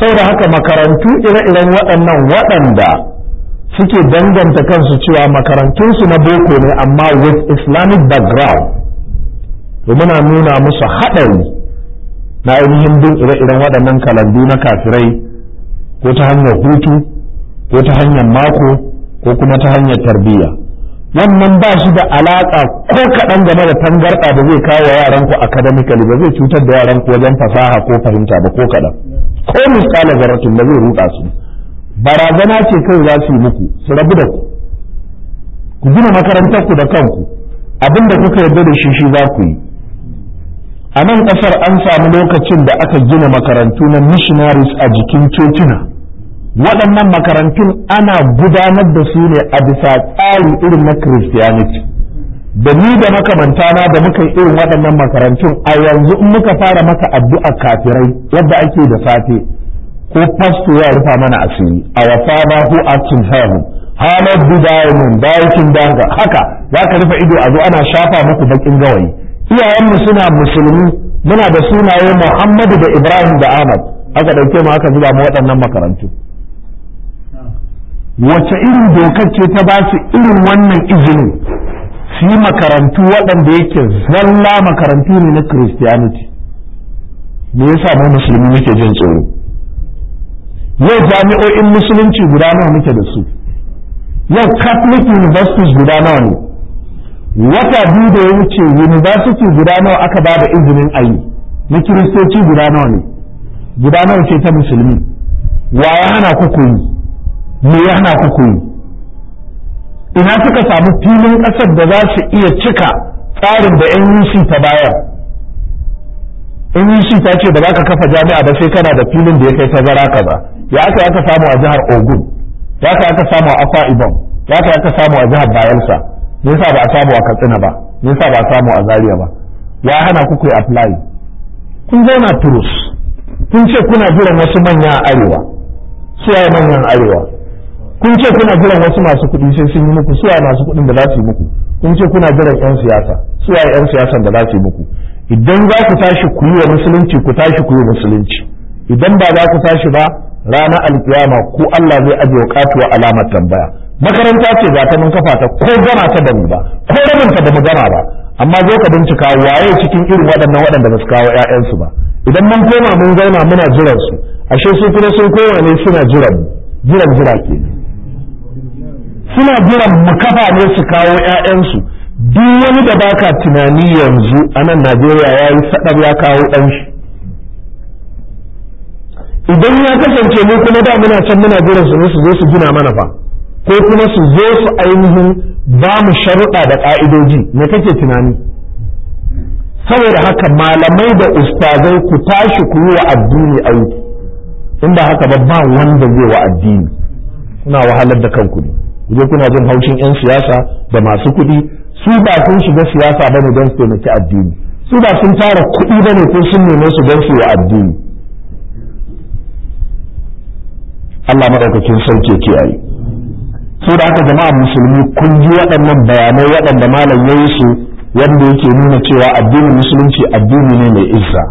saboda haka makarantu ire-iren waɗannan waɗanda suke danganta kansu cewa makarantunsu na boko ne amma with islamic background to muna nuna musu haɗari na ainihin bin ire-iren waɗannan kalandu na kafirai ko ta hanyar hutu ko ta hanyar mako ko kuma ta hanyar tarbiyya wannan ba shi da alaƙa ko kaɗan game da tangarɗa da zai kawo yaranku academically ba zai cutar da yaranku wajen fasaha ko fahimta ba ko kaɗan ko misalar zaratun da zai ruɗa su barazana ce kai za su yi muku su rabu da ku ku gina makarantar ku da kanku abin da kuka yarda da shi shi za ku yi a nan kasar an samu lokacin da aka gina makarantu na missionaries a jikin cocina waɗannan makarantun ana gudanar da su ne a bisa tsari irin na christianity da ni da makamantana da muka yi irin waɗannan makarantun a yanzu in muka fara maka addu'a kafirai yadda ake da safe ko fasto ya rufa mana asiri a wasa ba ko a actin hahu halar bidayemin bayan danga haka za ka rufe ido a zo ana shafa muku bakin gawayi iyayenmu suna musulmi muna da sunaye muhammadu da ibrahim da ahmad aka ɗauke mu aka zuba mu waɗannan makarantu wace irin dokar ce ta basu irin wannan izinin su yi makarantu waɗanda yake zalla makarantu ne na christianity me yasa mu musulmi muke jin tsoro yau jami'o'in musulunci guda nawa muke da su yau catholic universities guda nawa ne wata biyu da ya wuce university guda nawa aka ba da izinin a yi na kiristoci guda nawa ne guda nawa ce ta musulmi wa ya hana ku koyi me ya hana ku koyi ina suka samu filin ƙasar da za su iya cika tsarin da NUC ta bayar NUC ta ce ba za ka kafa jami'a ba sai kana da filin da ya kai tazara ba. ya aka aka samu a jihar ogun ya aka aka samu a akwa ibom ya aka aka samu a jihar bayelsa me yasa ba a samu a katsina ba me yasa ba a samu a zaria ba ya hana ku ku apply kun zo na turus kun ce kuna jiran wasu manyan arewa su ya manyan arewa kun ce kuna jiran wasu masu kuɗi sai sun yi muku su ya masu kuɗin da za su yi muku kun ce kuna jiran 'yan siyasa su ya 'yan siyasan da za su yi muku idan za ku tashi ku yi wa musulunci ku tashi ku yi musulunci idan ba za ka tashi ba ranar alkiyama ko Allah zai ajiye wa alamar tambaya makaranta ce ga ta mun kafa ta ko gama ta da ba ko rabin ta da mu gama ba amma zo ka bincika waye cikin irin waɗannan waɗanda ba su kawo ƴaƴansu ba idan mun koma mun zauna muna jiran su ashe su kuma sun koma ne suna jiran jiran jira ke suna jiran mu kafa ne su kawo ƴaƴansu duk wani da baka tunani yanzu a nan Najeriya yayi sadar ya kawo ɗan shi idan ya kasance mu kuma da muna can muna jira su su zo su gina mana fa ko kuma su zo su ainihin ba mu sharuɗa da ƙa'idoji me kake tunani saboda haka malamai da ustazai ku tashi ku yi wa addini aiki in ba haka ba ba wanda zai wa addini kuna wahalar da kanku ne kuje kuna jin haushin 'yan siyasa da masu kuɗi su ba sun shiga siyasa bane don su taimaki addini su ba sun tara kuɗi bane ko sun neme su don su wa addini Allah madaukakin sarki ke kiyaye su da aka jama'a musulmi kun ji waɗannan bayanai waɗanda malam ya yi su wanda yake nuna cewa addinin musulunci addini ne mai izza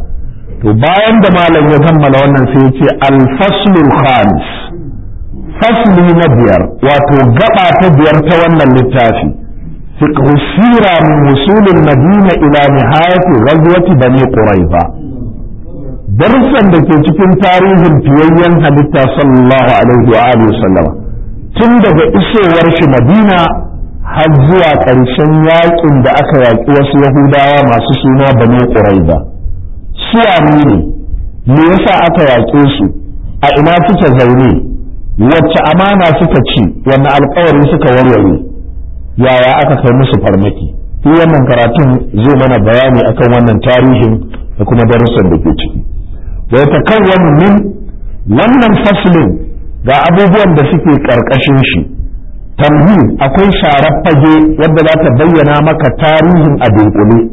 to bayan da malam ya kammala wannan sai ya ce al-faslul khamis fasli na biyar wato gaba ta biyar ta wannan littafi fiqhu sira min wusulin madina ila nihayati ghazwati bani qurayza Darusan da ke cikin tarihin fiyayyen halitta sallallahu alaihi wa alihi sallama tun daga isowar shi madina har zuwa ƙarshen yakin da aka yaƙi wasu yahudawa masu suna banu ƙuraiba su ne me yasa aka yaƙe su a ina suka zaune wacce amana suka ci wanne alƙawari suka warware yaya aka kai musu farmaki wannan karatun zai mana bayani akan wannan tarihin da kuma darussan da ke ciki da ya wannan faslin ga abubuwan da suke ƙarƙashin shi tamhi akwai sharar fage wadda za ta bayyana maka tarihin a dunkule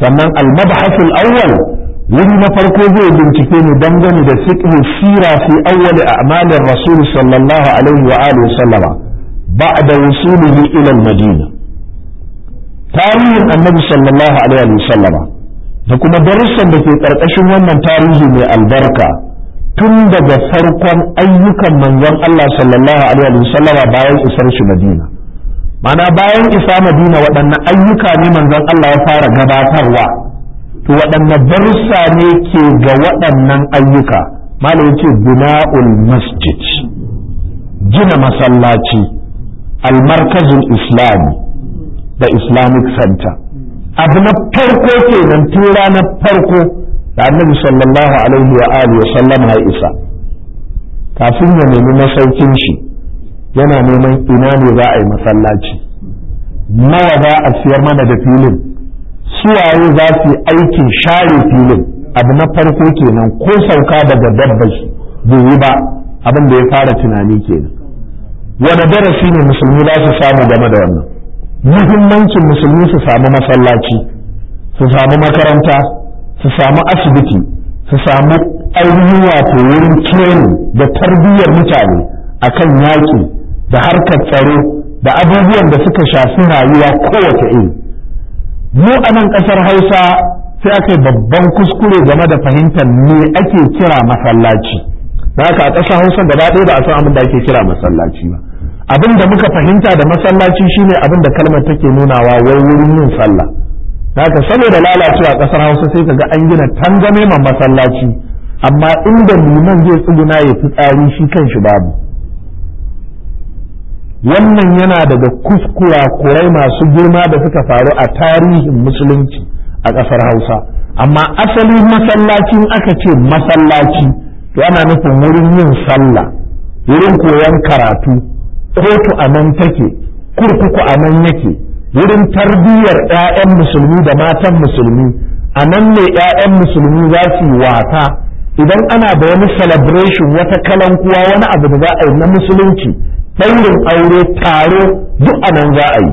sannan almabhasul awwal wuri na farko zai bincike ne dangane da fiqhu sira fi a a'malin rasul sallallahu alaihi wa alihi sallama ba'da wusulihi ila al-madina tarihin annabi sallallahu alaihi wa sallama da kuma darussan da ke ƙarƙashin wannan tarihi mai albarka tun daga farkon ayyukan manzon Allah sallallahu alaihi wasallama bayan isar shi Madina mana bayan isa Madina waɗannan ayyuka ne manzon Allah ya fara gabatarwa to waɗanne darussa ne ke ga waɗannan ayyuka malam ce bina'ul masjid gina masallaci al-markazul islami da islamic center abu na farko kenan tun ranar farko da annabi sallallahu alaihi wa alihi sallam ya isa kafin ya nemi masaukin shi yana neman ina ne za a yi masallaci nawa za a siyar mana da filin suwaye za su yi aikin share filin abu na farko kenan ko sauka daga dabbar bai yi ba abin da ya fara tunani kenan wani darasi ne musulmi za su samu game da wannan muhimmancin musulmi su samu masallaci su samu makaranta su samu asibiti su samu ainihin wato wurin training da tarbiyyar mutane akan yaƙi da harkar tsaro da abubuwan da suka shafi rayuwa kowace iri mu a nan ƙasar hausa sai aka yi babban kuskure game da fahimtar me ake kira masallaci da haka a ƙasar hausa gaba ɗaya ba a san abin da ake kira masallaci ba abin da muka fahimta da masallaci shine abin da kalmar take nunawa wai wurin yin sallah haka saboda lalacewa kasar hausa sai ka ga an gina tangame ma masallaci amma inda liman zai tsuguna ya fi fitsari shi kanshi babu wannan yana daga kuskura kurai masu girma da suka faru a tarihin musulunci a ƙasar hausa amma asali masallacin aka ce masallaci to ana nufin wurin yin sallah wurin koyon karatu kotu a nan take kurkuku a nan yake wurin tarbiyyar 'ya'yan musulmi da matan musulmi a nan ne 'ya'yan musulmi za su yi wata idan ana da wani celebration wata kalankuwa wani abu da za a yi na musulunci ɗaurin aure taro duk a nan za a yi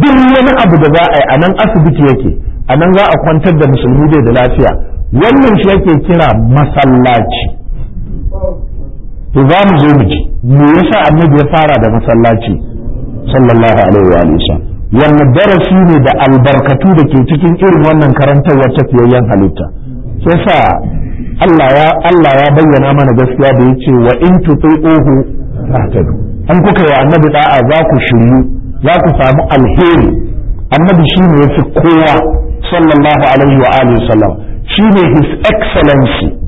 duk wani abu da za a yi a nan asibiti yake a nan za a kwantar da musulmi bai da lafiya wannan shi yake kira masallaci to za mu zo mu ji me yasa annabi ya fara da masallaci sallallahu alaihi wa alihi Wanne darasi ne da albarkatu da ke cikin irin wannan karantarwar ta fiyayyen halitta yasa Allah ya Allah ya bayyana mana gaskiya da yace wa in tuti'uhu tahtadu an kuka yi annabi da'a za ku shiryu za ku samu alheri annabi shine fi kowa sallallahu alaihi wa alihi Shi shine his excellency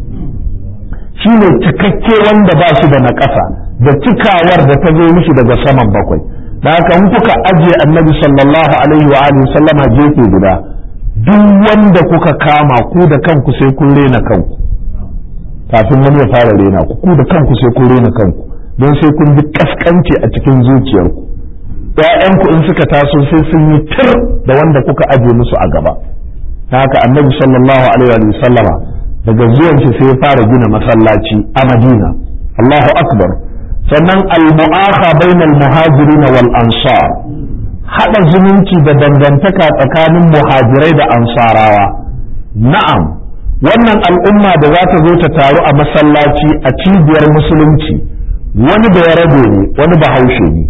shi ne cikakke wanda ba shi da naƙasa da cikawar da ta zo mishi daga saman bakwai da haka in kuka ajiye annabi sallallahu alaihi wa alihi sallama gefe guda duk wanda kuka kama ku da kanku sai kun rena kanku kafin wani ya fara rena ku ku da kanku sai kun rena kanku don sai kun bi kaskanci a cikin zuciyarku ‘ya'yanku in suka taso sai sun yi tir da wanda kuka aje musu a gaba ta haka annabi sallallahu alaihi wa sallama daga zuwan su sai fara gina masallaci a madina allahu akbar sannan al-mu'akha bainal muhajirin wal ansar hada zumunci da dangantaka tsakanin muhajirai da ansarawa na'am wannan al'umma da za ta zo ta taru a masallaci a cibiyar musulunci wani da ya rabe ne wani bahaushe ne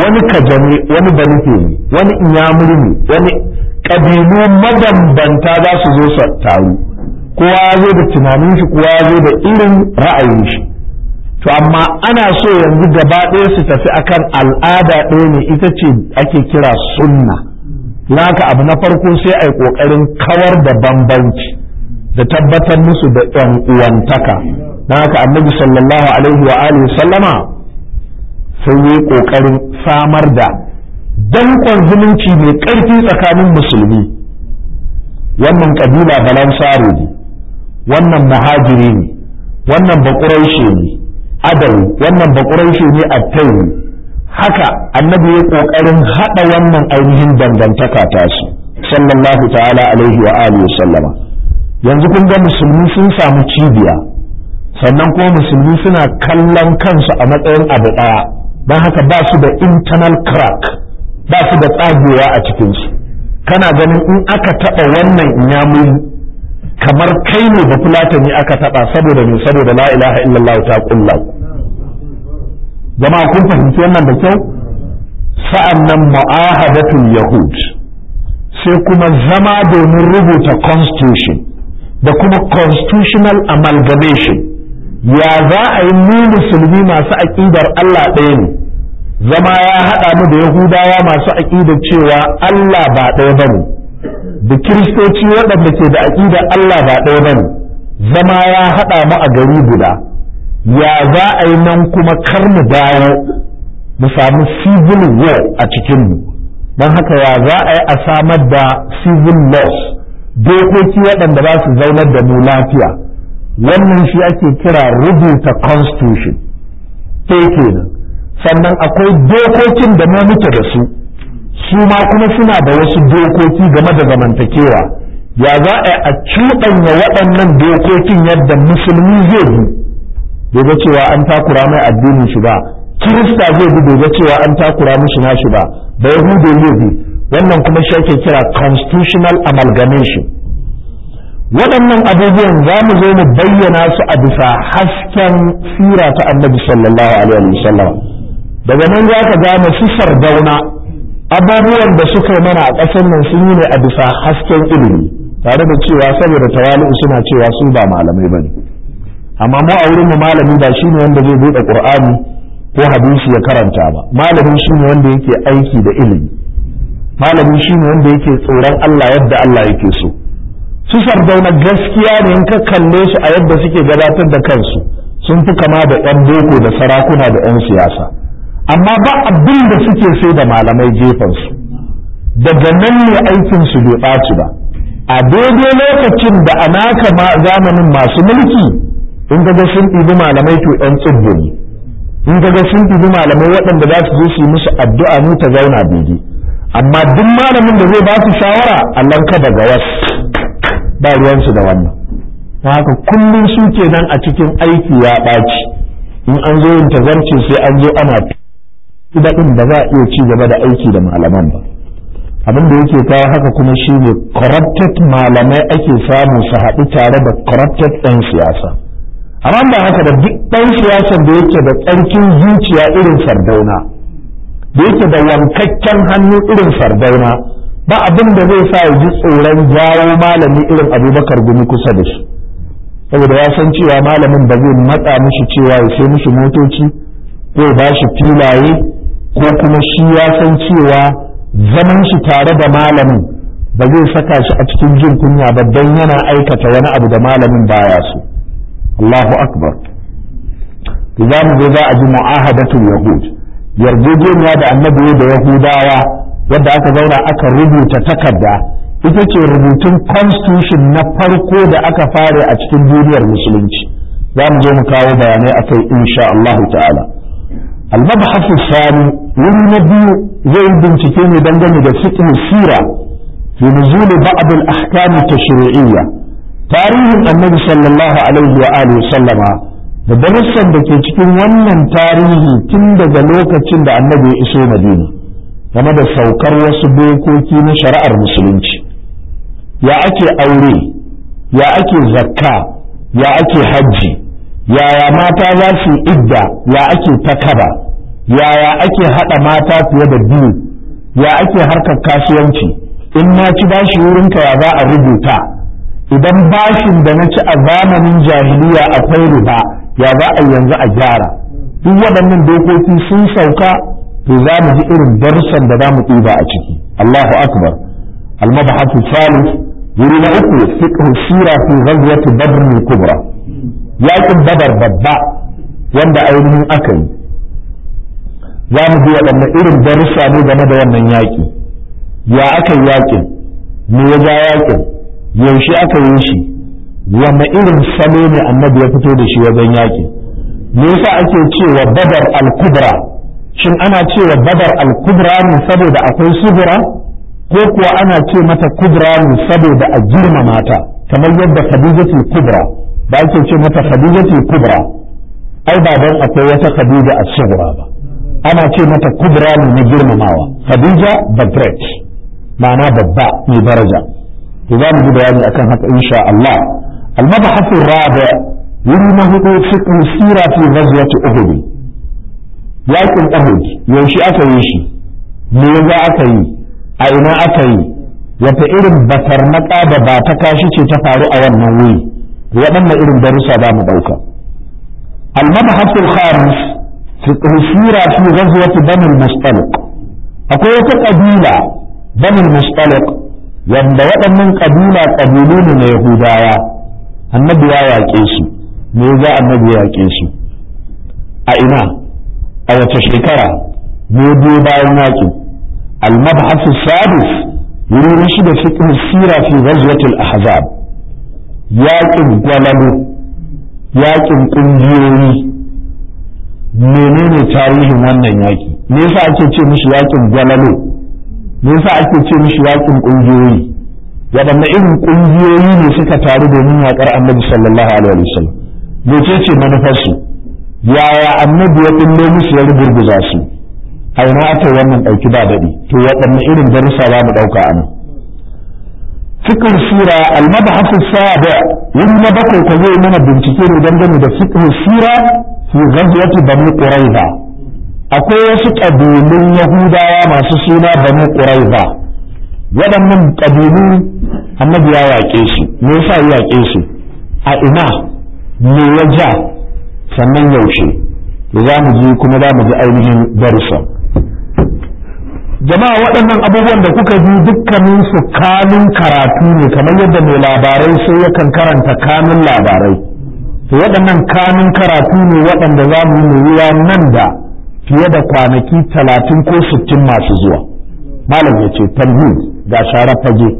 wani kajane wani banife ne wani inyamuri ne wani ƙabilu mabambanta za su zo su taru kowa ya zo da tunanin shi kowa ya da irin ra'ayin shi to amma ana so yanzu gaba ɗaya su tafi akan al'ada ɗaya ne ita ce ake kira sunna laka abu na farko sai a yi ƙoƙarin kawar da bambanci da tabbatar musu da ƴan uwantaka na haka annabi sallallahu alaihi wa alihi sallama sai yi ƙoƙarin samar da dankon zumunci mai ƙarfi tsakanin musulmi wannan kabila balansaro ne wannan mahajiri ne wannan bakuraishe ne adawi wannan bakuraishe ne a taimi haka annabi ya kokarin haɗa wannan ainihin dangantaka ta su sallallahu ta'ala alaihi wa alihi sallama yanzu kun ga musulmi sun samu cibiya sannan kuma musulmi suna kallon kansu a matsayin abu ɗaya. don haka ba su da internal crack ba su da tsagewa a cikinsu kana ganin in aka taɓa wannan inyamuri kamar kai ne ba ne aka taɓa saboda ne saboda la ilaha illallah ta kulla jama'a kun fahimci wannan da kyau Sa'annan nan mu'ahadatul yahud sai kuma zama domin rubuta constitution da kuma constitutional amalgamation ya za a yi mu musulmi masu aƙidar Allah ɗaya ne zama ya haɗa mu da yahudawa masu aƙidar cewa Allah ba ɗaya ba ne da kiristoci waɗanda ke da aƙida Allah ba ɗaya ba ne zama ya haɗa mu a gari guda ya za a yi nan kuma kar mu dawo mu samu civil war a cikinmu don haka ya za a yi a samar da civil laws dokoki waɗanda ba su zaunar da mu lafiya wannan shi ake kira rubuta constitution ke kenan sannan akwai dokokin da mu muke da su su ma kuma suna da wasu dokoki game da zamantakewa ya za a a cuɗanya waɗannan dokokin yadda musulmi zai bi bai cewa an takura mai addinin shi ba kirista zai bi bai cewa an takura musu shi ba da yahudu zai bi wannan kuma shi ake kira constitutional amalgamation waɗannan abubuwan za mu zo mu bayyana su a bisa hasken sira ta annabi sallallahu alaihi wasallam daga nan za ka gane su sardauna abubuwan da suka mana a ƙasar nan sun yi ne a bisa hasken ilimi tare da cewa saboda tawali'u suna cewa su ba malamai ba ne. amma mu a wurin mu malami ba shine wanda zai buɗe qur'ani ko hadisi ya karanta ba malami shine wanda yake aiki da ilimi malami shine wanda yake tsoron Allah yadda Allah yake so su sardauna gaskiya ne in ka kalle su a yadda suke gabatar da kansu sun fi kama da 'yan boko da sarakuna da 'yan siyasa amma ba abin da suke sai da malamai jefansu daga nan ne su bai ɓaci ba a daidai lokacin da a naka zamanin masu mulki in ga sun ɗibi malamai to ɗan tsibiri. ne in ga sun ɗibi malamai waɗanda za su je su yi musu addu'a ne ta zauna daidai amma duk malamin da zai ba su shawara nan ka daga wasu ba ruwansu da wannan haka kullum su nan a cikin aiki ya ɓaci in an zo yin tazarci sai an zo ana ida din ba za a iya ci gaba da aiki da malaman ba abin da yake kawo haka kuma shine corrupted malamai ake samu su haɗu tare da corrupted ɗan siyasa amma ba haka da duk ɗan siyasar da yake da tsarkin zuciya irin sardauna da yake da yankakken hannu irin sardauna ba abin da zai sa ji tsoron jawo malami irin abubakar gumi kusa da shi saboda ya san cewa malamin ba zai matsa mishi cewa ya sai mishi motoci ko ba shi filaye ko kuma shi ya san cewa zaman shi tare da malamin ba zai saka shi a cikin jin kunya ba don yana aikata wani abu da malamin baya su. Allahu akbar za mu zo za a ji mu'ahadatul yahud yarjejeniya da annabi da yahudawa wadda aka zauna aka rubuta takarda ita ce rubutun constitution na farko da aka fare a cikin duniyar musulunci za mu zo mu kawo bayanai akai insha Allah ta'ala المبحث الثاني والنبي زي بنتكين دنجن ده فقه السيرة في نزول بعض الأحكام التشريعية تاريخ النبي صلى الله عليه وآله وسلم da darussan da ke cikin wannan tarihi tun daga lokacin da annabi ya iso madina game da saukar wasu dokoki na shari'ar musulunci ya ake aure ya ake zakka ya ake hajji yaya mata za su idda ya ake takaba yaya ake haɗa mata fiye da biyu ya ake harkar kasuwanci in na ci bashi wurinka ya za a rubuta idan bashin da na ci a zamanin jahiliya akwai riba ya za a yanzu a gyara duk waɗannan dokoki sun sauka to za mu ji irin darsan da za mu ɗiba a ciki Allahu akbar al-mabhatu thalith wuri na uku fiqh sira fi ghazwati badr mai kubra yaƙin badar babba wanda ainihin aka yi za mu ji waɗanne irin darussa ne game da wannan yaƙi ya aka yi yaƙin me ya ja yaƙin yaushe aka yi shi wanne irin salo ne annabi ya fito da shi wajen yaƙi me yasa ake cewa badar al-kubra shin ana cewa badar al-kubra ne saboda akwai subura ko kuwa ana ce mata kubra ne saboda a girmama ta kamar yadda khadijatul kubra ba ake ce mata khadijatul kubra ai ba dan akwai wata khadija a sugura ba ana ce mata kubra ne na girmamawa khadija the great ma'ana babba mai daraja to za mu ji bayani akan haka insha Allah al-mabhath ar-rabi wuri na hudu fiqh sira fi ghazwat uhud yakin uhud yaushe aka yi shi me ya aka yi a ina aka yi wata irin batar naka da ba ta kashi ce ta faru a wannan wuri waɗannan irin darussa za mu ɗauka al-mabhath al-khamis shura fi ghazwati bani al-mustaliq akwai wata ƙabila bani al wanda waɗannan ƙabila kabilu ne na yahudawa annabi ya yaƙe su me za annabi ya yaƙe a ina a wata shekara ne biyo bayan yaƙi al-mabhasu sadis wurin shi da fiqh sira fi ghazwati al-ahzab yaƙin gwalalu yaƙin ƙungiyoyi menene tarihin wannan yaki me yasa ake ce mishi yakin jalalo? me yasa ake ce mishi yakin ƙungiyoyi waɗanne irin ƙungiyoyi ne suka taru domin yaƙar annabi sallallahu alaihi wasallam me ce manufarsu yaya annabi ya kullo musu ya rubuta su a ina aka wannan ɗauki ba daɗi to waɗanne irin darussa za mu ɗauka a nan fikr sura as sabi wuri na ka zai mana bincike ne dangane da fikr sura fi yake bani quraiza akwai wasu ƙabilun yahudawa masu suna bani quraiza waɗannan ƙabilu annabi ya yaƙe su me yasa ya yaƙe su a ina me ya ja sannan yaushe za mu ji kuma za mu ji ainihin darsa jama'a waɗannan abubuwan da kuka ji dukkanin su kanun karatu ne kamar yadda mai labarai sai yakan karanta kanun labarai waɗannan kanun karatu ne waɗanda za mu yi yiwuwa nan da fiye da kwanaki talatin ko sittin masu zuwa malam ya ce talmud ga shara fage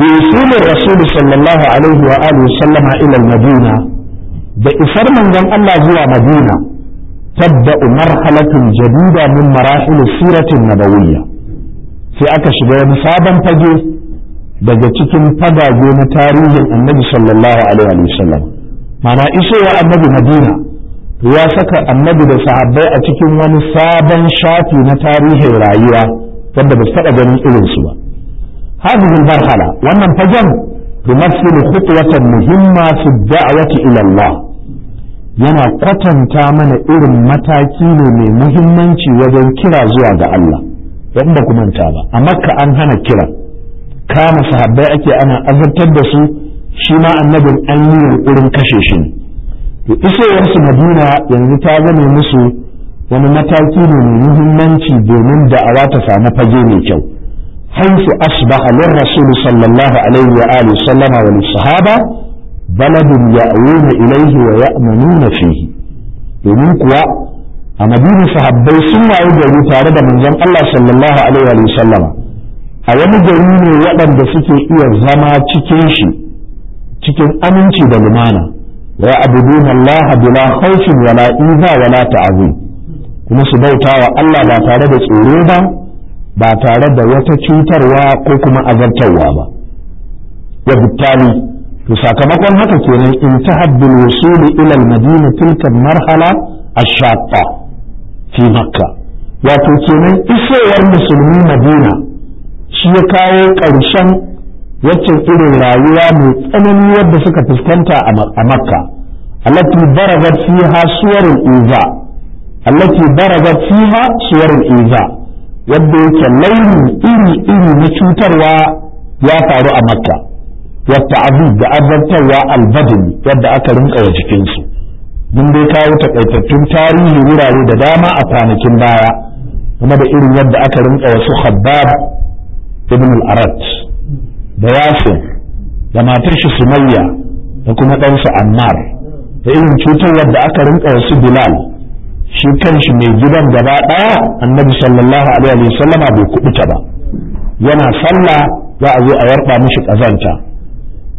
bisulun rasulu sallallahu alaihi wa alihi sallama ila madina da isar manzon Allah zuwa madina tabda'u marhalatun jadida min marahil siratin nabawiyya sai aka shiga wani sabon fage daga cikin fagage na tarihin annabi sallallahu alaihi wa sallam mana isowa annabi madina ya saka annabi da sahabbai a cikin wani sabon shafi na tarihin rayuwa wanda ba su taɓa ganin irinsu ba هذه المرحلة wannan فجر تمثل khutwatan muhimma fi da'wati ila Allah yana kwatanta mana irin mataki ne mai muhimmanci wajen kira zuwa ga Allah wanda kuma ta ba a makka an hana kira kama sahabbai ake ana azartar da su shi ma annabin an yi yunkurin kashe shi to isowarsu madina yanzu ta zama musu wani mataki ne mai muhimmanci domin da'awa ta samu fage mai kyau haifu asbaha lin rasul sallallahu alaihi wa alihi sallama wa sahaba baladun ya'una ilaihi wa ya'manuna fihi domin kuwa a madina sahabbai sun wayi gari tare da manzon Allah sallallahu alaihi wa sallama a wani gari ne waɗanda suke iya zama cikin shi cikin aminci da lumana wa ya'buduna Allah bila khawfin wala iza wala ta'azi. kuma su bauta wa Allah ba tare da tsoro ba ba tare da wata cutarwa ko kuma azartarwa ba Ya bittali to sakamakon haka kenan intahad bil wusuli ila al madina tilka marhala ash-shaqqa fi makkah wato kenan isowar musulmi madina shi ya kawo ƙarshen wacce irin rayuwa mai tsanani wadda suka fuskanta a makka allati baragat fiha suwarul iza allati baragat fiha suwarul iza yake iri iri na cutarwa ya faru a makka wa ta'zib da azabtarwa albadani yadda aka rinka wa jikinsu mun dai kawo takaitattun tarihi wurare da dama a kwanakin baya kuma da irin yadda aka rinka wasu khabbab ibn al-arat da yasin da matar shi sumayya da kuma ɗansa ammar da irin cutar da aka rinka wasu bilal shi kanshi mai gidan gaba ɗaya annabi sallallahu alaihi wa sallama bai ta ba yana sallah za a zo a yarba mishi ƙazanta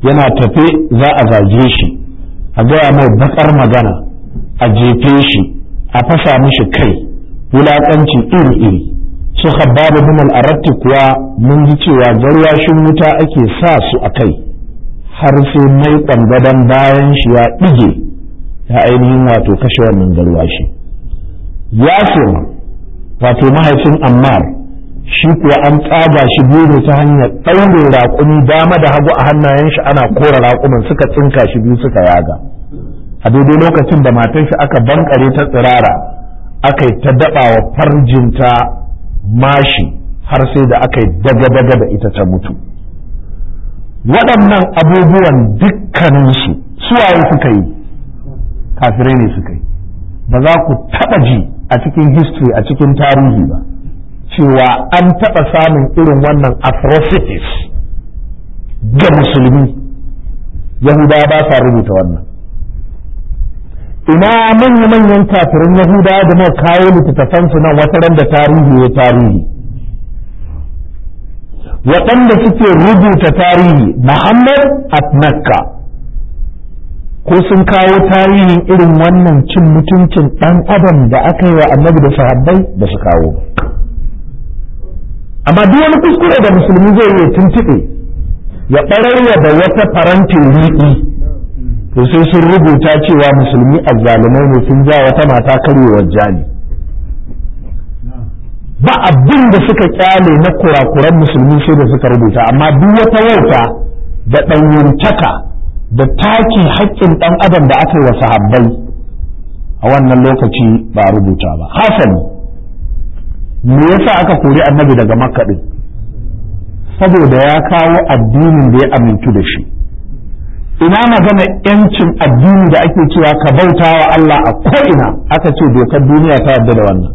yana tafe za a zage shi a gaya mai bakar magana a jefe shi a fasa mishi kai wulaƙanci iri-iri su habbabu bin al'aratti kuwa mun ji cewa garwashin wuta ake sa su a kai har sai mai ƙwangadon bayan shi ya ɗige ya ainihin wato kashe wannan garwashi yasir wato mahaifin ammar shi kuwa an tsaga shi biyu ne ta hanyar ɗaure raƙumi dama da hagu a hannayen shi ana kora raƙumin suka tsinka shi biyu suka yaga a daidai lokacin da matan shi aka bankare ta tsirara aka yi ta daɓa wa farjinta mashi har sai da aka yi daga-daga da ita ta mutu waɗannan abubuwan dukkaninsu suwaye suka yi kafirai ne suka yi ba za ku taɓa ji a cikin history a cikin tarihi ba cewa an taɓa samun irin wannan atrocities ga musulmi yahudawa ba sa rubuta wannan ina manyan manyan kafirin yahuda da mai kawo littattafan su nan wata ran da tarihi ya tarihi waɗanda suke rubuta tarihi muhammad at makka ko sun kawo tarihin irin wannan cin mutuncin ɗan adam da aka yi wa annabi da sahabbai da su kawo amma duk wani kuskure da musulmi zai yi tuntuɓe ya ɓararwa da wata faranti riɗi to sai sun rubuta cewa musulmi azzalumai ne sun ja wata mata karyewar jali ba abin da suka kyale na kurakuran musulmi sai da suka rubuta amma duk wata wauta da taka da take haƙƙin ɗan adam da aka yi wa sahabbai a wannan lokaci ba rubuta ba hasani me yasa aka kori annabi daga makka saboda ya kawo addinin da ya amintu da shi ina magana yancin addini da ake cewa ka bauta wa Allah a ko'ina aka ce dokar duniya ta yarda da wannan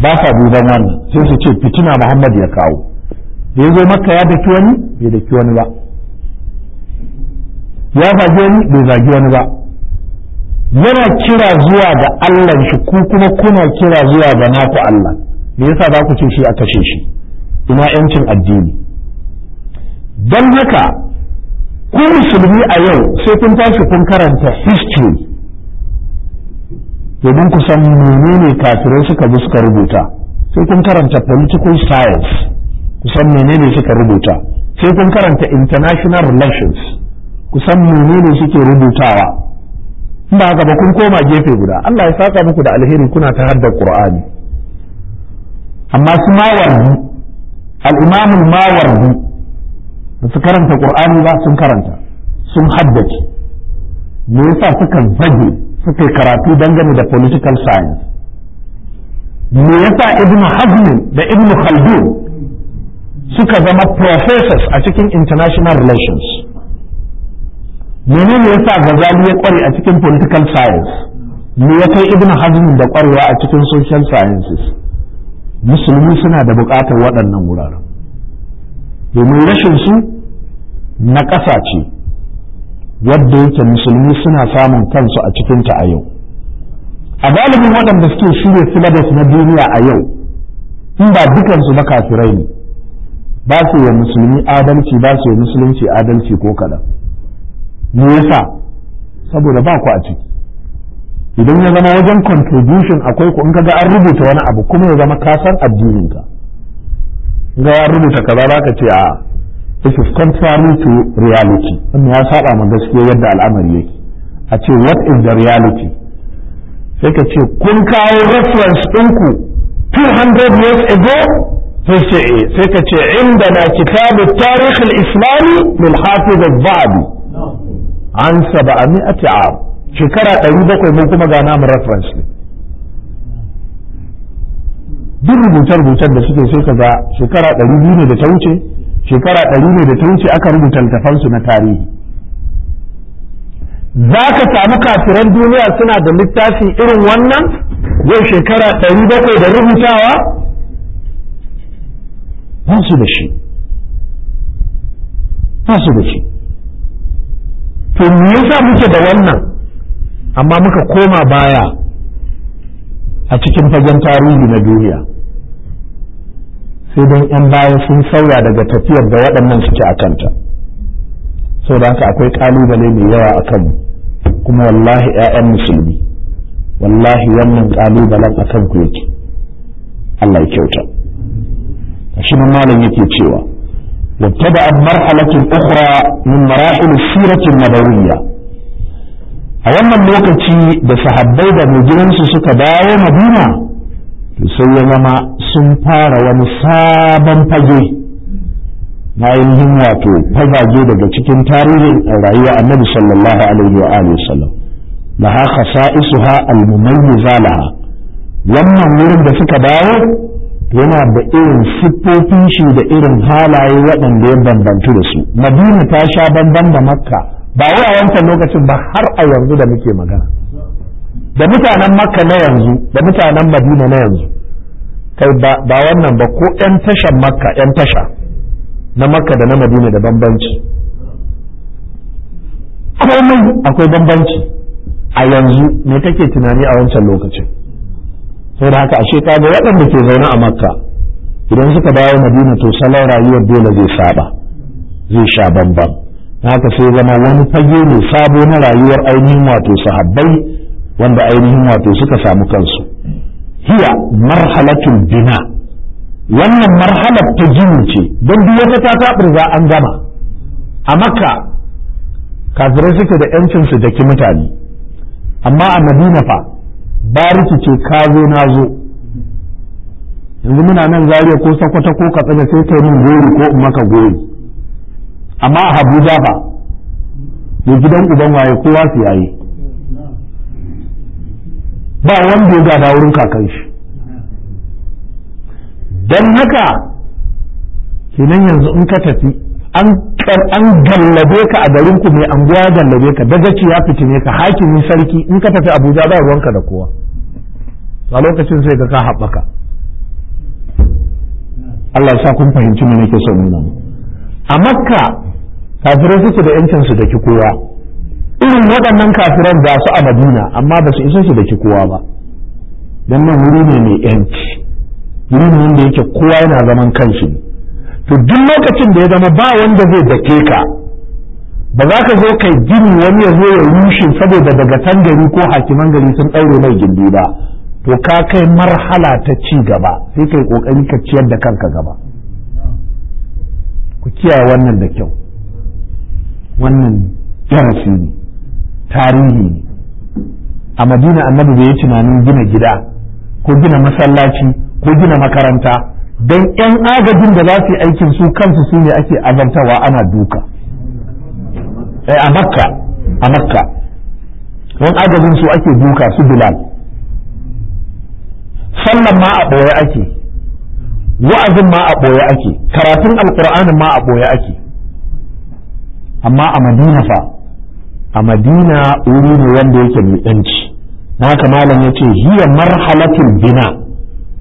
ba sa duban wannan sai su ce fitina Muhammad ya kawo da ya zo maka ya daki wani bai daki wani ba ya zage wani bai zage wani ba yana kira zuwa ga Allah shi ku kuma kuna kira zuwa ga naku Allah me yasa za ku ce shi a kashe shi ina yancin addini Dan haka ku musulmi a yau sai kun tashi kun karanta history domin ku san menene kafirai suka bi suka rubuta sai kun karanta political science ku san menene suka rubuta sai kun karanta international relations ku san menene suke rubutawa ba gaba kun koma gefe guda Allah ya saka muku da alheri kuna ta haddar Qur'ani amma su mawardi al-imamul mawardi ba su karanta qur'ani ba sun karanta sun haddace me yasa suka zage suka karatu dangane da political science me yasa Ibn Hazmin da Ibn khaldun suka zama professors a cikin international relations menene yasa Ghazali ya kware a cikin political science me ya kai Ibn Hazmin da kwarewa a cikin social sciences musulmi suna da bukatar waɗannan wuraren domin rashin su na ƙasa ce wadda yake musulmi suna samun kansu a cikinta a yau a galibin waɗanda suke shirya syllabus na duniya a yau in ba dukansu ba kafirai ne ba su yi musulmi adalci ba su yi musulunci adalci ko kaɗan me yasa saboda ba ku a ciki idan ya zama wajen contribution akwai ku in ka ga an rubuta wani abu kuma ya zama kasan addininka ga ya rubuta kaza za ka ce a this is contrary to reality wannan ya saba ma gaskiya yadda al'amari yake a ce what is the reality sai ka ce kun kawo reference ɗinku 200 years ago sai ce eh. sai ka ce inda na kitabu tarikh islami lil hafiz al-zahabi an saba'a mi'ati am shekara 700 mun kuma gana namu reference ne duk rubuce-rubucen da suke sai ga shekara ɗari biyu ne da ta wuce shekara ɗari ne da ta wuce aka rubuta littafansu na tarihi za ka samu kafiran duniya suna da littafi irin wannan yau shekara ɗari bakwai da rubutawa ba su da shi ba su da shi to me yasa muke da wannan amma muka koma baya a cikin fagen tarihi na duniya sai don yan baya sun sauya daga tafiyar da waɗannan suke a kanta sau da haka akwai ƙalubale mai yawa a kanmu kuma wallahi 'ya'yan musulmi wallahi wannan ƙalubalen a ku yake Allah ya kyauta shi nan malam yake cewa وابتدأ مرحلة أخرى من مراحل السيرة النبوية a wannan lokaci da sahabbai da mujiransu suka dawo madina sai ya zama sun fara wani sabon fage na yin wato fagage daga cikin tarihin rayuwa annabi sallallahu alaihi wa alihi wasallam laha khasa'isuha ha mumayyiza zalaha wannan wurin da suka dawo yana da irin siffofin shi da irin halaye waɗanda ya bambantu da su madina ta sha bamban da makka ba wai a wancan lokacin ba har a yanzu da muke magana da mutanen makka na yanzu da mutanen madina na yanzu kai ba wannan ba ko 'yan tashan makka 'yan tasha na makka da na madina da bambanci komai akwai bambanci a yanzu me take tunani a wancan lokacin sai da haka ashe kaga waɗanda ke zaune a makka idan suka dawo madina to salon rayuwar dole zai saba zai sha bambam haka sai zama wani fage ne sabo na rayuwar ainihin wato sahabbai wanda ainihin wato suka samu kansu hiya marhalatul bina wannan marhalar ta gini ce don duk wata ta za an gama a makka kafirai suke da yancin su daki mutane amma a madina fa bariki ce ka zo na zo yanzu muna nan zariya ko sakwata ko katsina sai kai min gori ko in maka gori amma a habuja ba ya gidan uban waye kowa su yayi ba wanda ya gada wurin kakan shi don haka kenan yanzu in ka tafi an gallabe ka a garin ku mai anguwa gallabe ka dagaci ya ne ka hakimi sarki in ka tafi abuja ba ruwanka da kowa a lokacin sai ka ka haɓaka Allah sa kun fahimci mai nake son nuna a makka kafirai suke da 'yancinsu da daki kowa waɗannan kafiran za su a madina amma ba su isa su da kowa ba don nan wuri ne mai yanci wuri ne wanda yake kowa yana zaman kanshi to duk lokacin da ya zama ba wanda zai dake ka ba za ka zo kai gini wani ya zo ya rushe saboda daga gari ko hakiman gari sun ɗaure mai gindi ba to ka kai marhala ta ci gaba sai kai kokari ka ciyar da kanka gaba ku kiyaye wannan da kyau wannan darasi ne tarihi a madina annabi bai yi tunanin gina gida ko gina masallaci ko gina makaranta don 'yan agajin da za su yi aikin su kansu su ne ake azantawa ana duka eh, a makka a makka don agajin su ake duka su bilal sallan ma a ɓoye ake wa'azin ma a ɓoye ake karatun alƙur'anin ma a ɓoye ake amma a madina fa a madina wuri ne wanda yake miɗanci na haka malam ya ce hiya marhalatul bina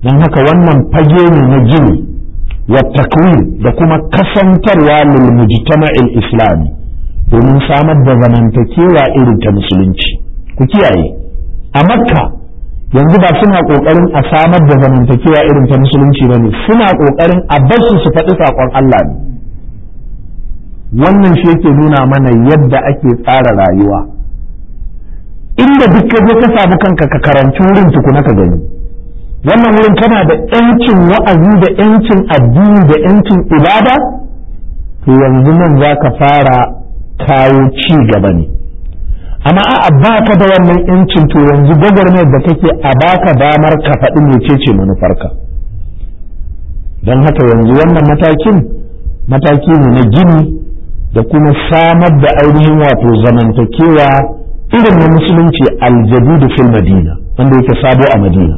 don haka wannan fage ne na gini wa takwin da kuma kasantarwa lil mujtama'il islami domin samar da zamantakewa irin ta musulunci ku kiyaye a makka yanzu ba suna kokarin a samar da zamantakewa irin ta musulunci ba ne suna kokarin a bar su su faɗi saƙon Allah ne wannan shi yake nuna mana yadda ake tsara rayuwa inda duk ka je ka samu kanka ka karanci wurin tukuna ka gani wannan wurin kana da yancin wa'azi da yancin addini da yancin ibada to yanzu nan za ka fara kawo ci gaba ne amma a baka da wannan yancin to yanzu gwagwarmayar da kake a baka damar ka faɗi ce manufarka don haka yanzu wannan matakin mataki ne na gini da kuma samar da ainihin wato zamantakewa irin na musulunci aljadidu fil madina wanda yake sabo a madina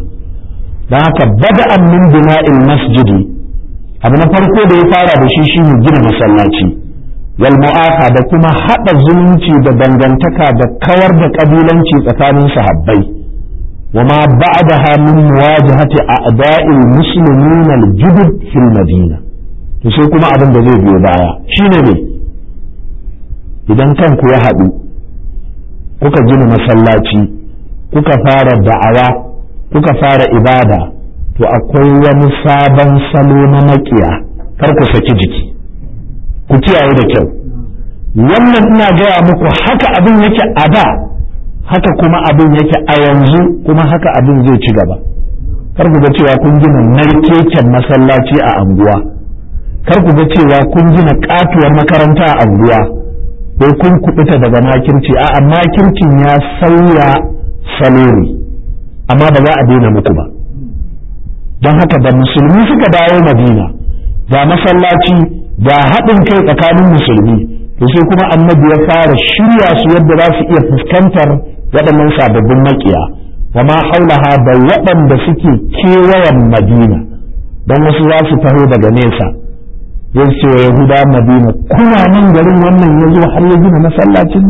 don haka bada min bina'il masjidi abu na farko da ya fara da shi shine gina masallaci wal mu'afa da kuma haɗa zumunci da dangantaka da kawar da ƙabilanci tsakanin sahabbai wa ma ba'daha min muwajahati a'da'il muslimin al-judud fil madina to sai kuma abin da zai biyo baya shine ne idan kanku ya haɗu kuka gina masallaci kuka fara da'awa kuka fara ibada to akwai wani sabon salo na makiya kar ku saki jiki ku kiyaye da kyau wannan ina gaya muku haka abin yake a da haka kuma abin yake a yanzu kuma haka abin zai ci gaba kar ku ga cewa kun gina narkeken masallaci a anguwa kar ku ga cewa kun gina katuwar makaranta a anguwa ko kun kubuta daga makirci a'a makircin ya sauya salori amma ba za a daina muku ba don haka da musulmi suka dawo madina da masallaci da haɗin kai tsakanin musulmi to sai kuma annabi ya fara shirya su yadda za su iya fuskantar waɗannan sababbin makiya wa ma haulaha da waɗanda suke kewayen madina don wasu za su taho daga nesa ya ce wa yahuda madina kuna nan garin wannan ya zo har ya gina masallacin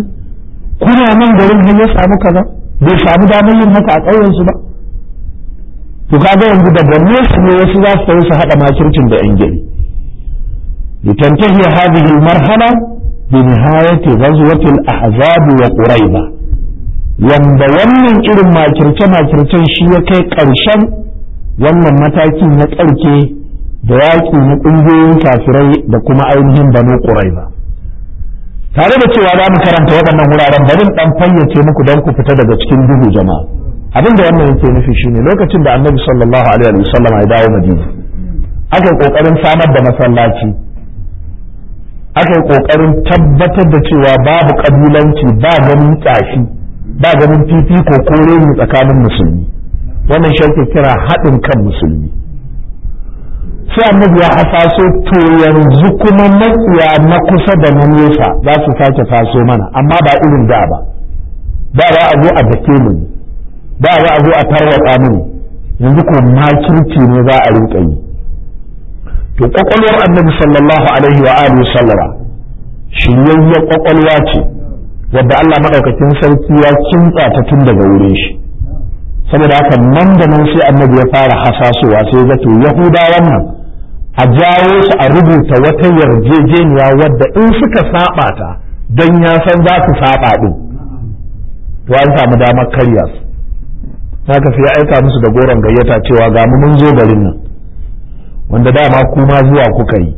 kuna nan garin har ya samu kaza bai samu damar yin haka a ƙauyensu ba to kaga yanzu daga nesa ne wasu za su tafi su haɗa makircin da yan gari litantahi hadhihi almarhala bi nihayati ghazwati al-ahzab wa quraiba wanda wannan irin makirce makircen shi ya kai ƙarshen wannan matakin na ƙarke da yaƙi na ƙungiyoyin kafirai da kuma ainihin banu ba. tare da cewa za mu karanta waɗannan wuraren barin ɗan fayyace muku don ku fita daga cikin duhu jama'a abin da wannan yake nufi shine lokacin da annabi sallallahu alaihi wa sallam ya dawo madina aka kokarin samar da masallaci aka kokarin tabbatar da cewa babu ƙabilanci ba ganin tsafi ba ganin fifiko ko reni tsakanin musulmi wannan shi kira haɗin kan musulmi sai annabi ya hasaso to yanzu kuma matsiya na kusa da na nesa za su sake faso mana amma ba irin da ba da za a zo a dake mu da za a zo a tarwatsa mu yanzu kuma kirki ne za a rinka yi to kwakwalwar annabi sallallahu alaihi wa alihi sallama shiryayyen kwakwalwa ce wadda Allah madaukakin sarki ya kinta ta tun daga wurin shi saboda haka nan da nan sai annabi ya fara hasasowa sai ya zato yahudawan nan a jawo su a rubuta wata yarjejeniya wadda in suka saba ta don ya san za su saba ɗin to an samu damar karya su haka sai aika musu da goron gayyata cewa ga mu mun zo garin nan wanda dama kuma zuwa kuka yi